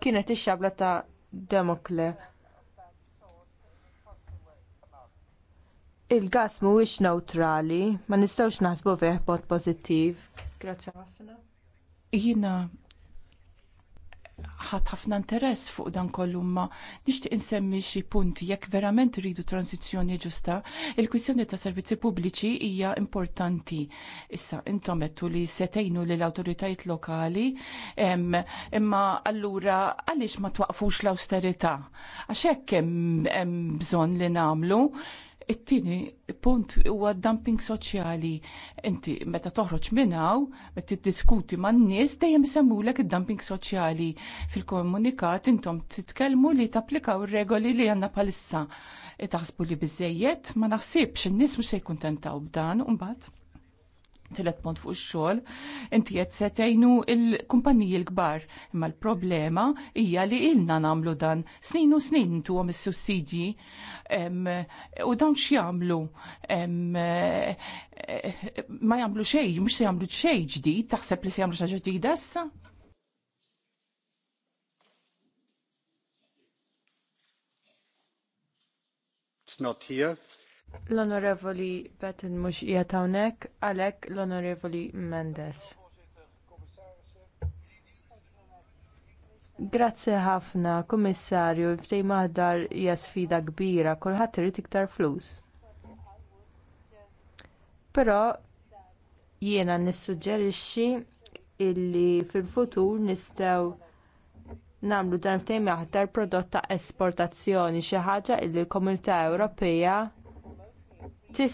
kienet ix-xabla ta' Demokle. il-gas mhuwiex neutrali, ma nistgħux naħsbu fih bod pożittiv. Grazzi ħafna. Jiena ħadd ħafna interess fuq dan kollu ma nixtieq insemmi xi punti jekk verament rridu transizzjoni ġusta, il-kwistjoni ta' servizzi pubbliċi hija importanti. Issa intom qedtu li setejnu lil awtoritajiet lokali imma allura għaliex ma twaqfux l-awsterità. Għax hekk hemm bżonn li nagħmlu It-tieni punt huwa dumping soċjali. Inti meta toħroġ minn hawn, meta tiddiskuti man-nies dejjem isemmulek id-dumping soċjali. Fil-komunikat intom titkellmu li tapplikaw ir-regoli li għandna bħalissa. E taħsbu li biżejjed, ma naħsibx in-nies mhux se jkuntentaw b'dan u mbagħad tillet pont fuq ix-xogħol, inti jett setajnu il l-kumpaniji l-kbar. Imma l-problema hija li ilna nagħmlu dan snin u snin intuhom is-sussidji u dawn x'jagħmlu ma jagħmlu xej, mhux se jagħmlu xej ġdid, taħseb li se jagħmlu xi ħaġa dessa? It's not here. L-Onorevoli Betten mux jatawnek, għalek l-Onorevoli Mendes. Grazzi ħafna, Kummissarju, ftej maħdar hija sfida kbira, kulħadd irid iktar flus. Però jiena nissuġġerixxi illi fil-futur nistgħu nagħmlu dan ftejn aħdar prodott ta' esportazzjoni xi ħaġa illi l-Komunità Ewropea tis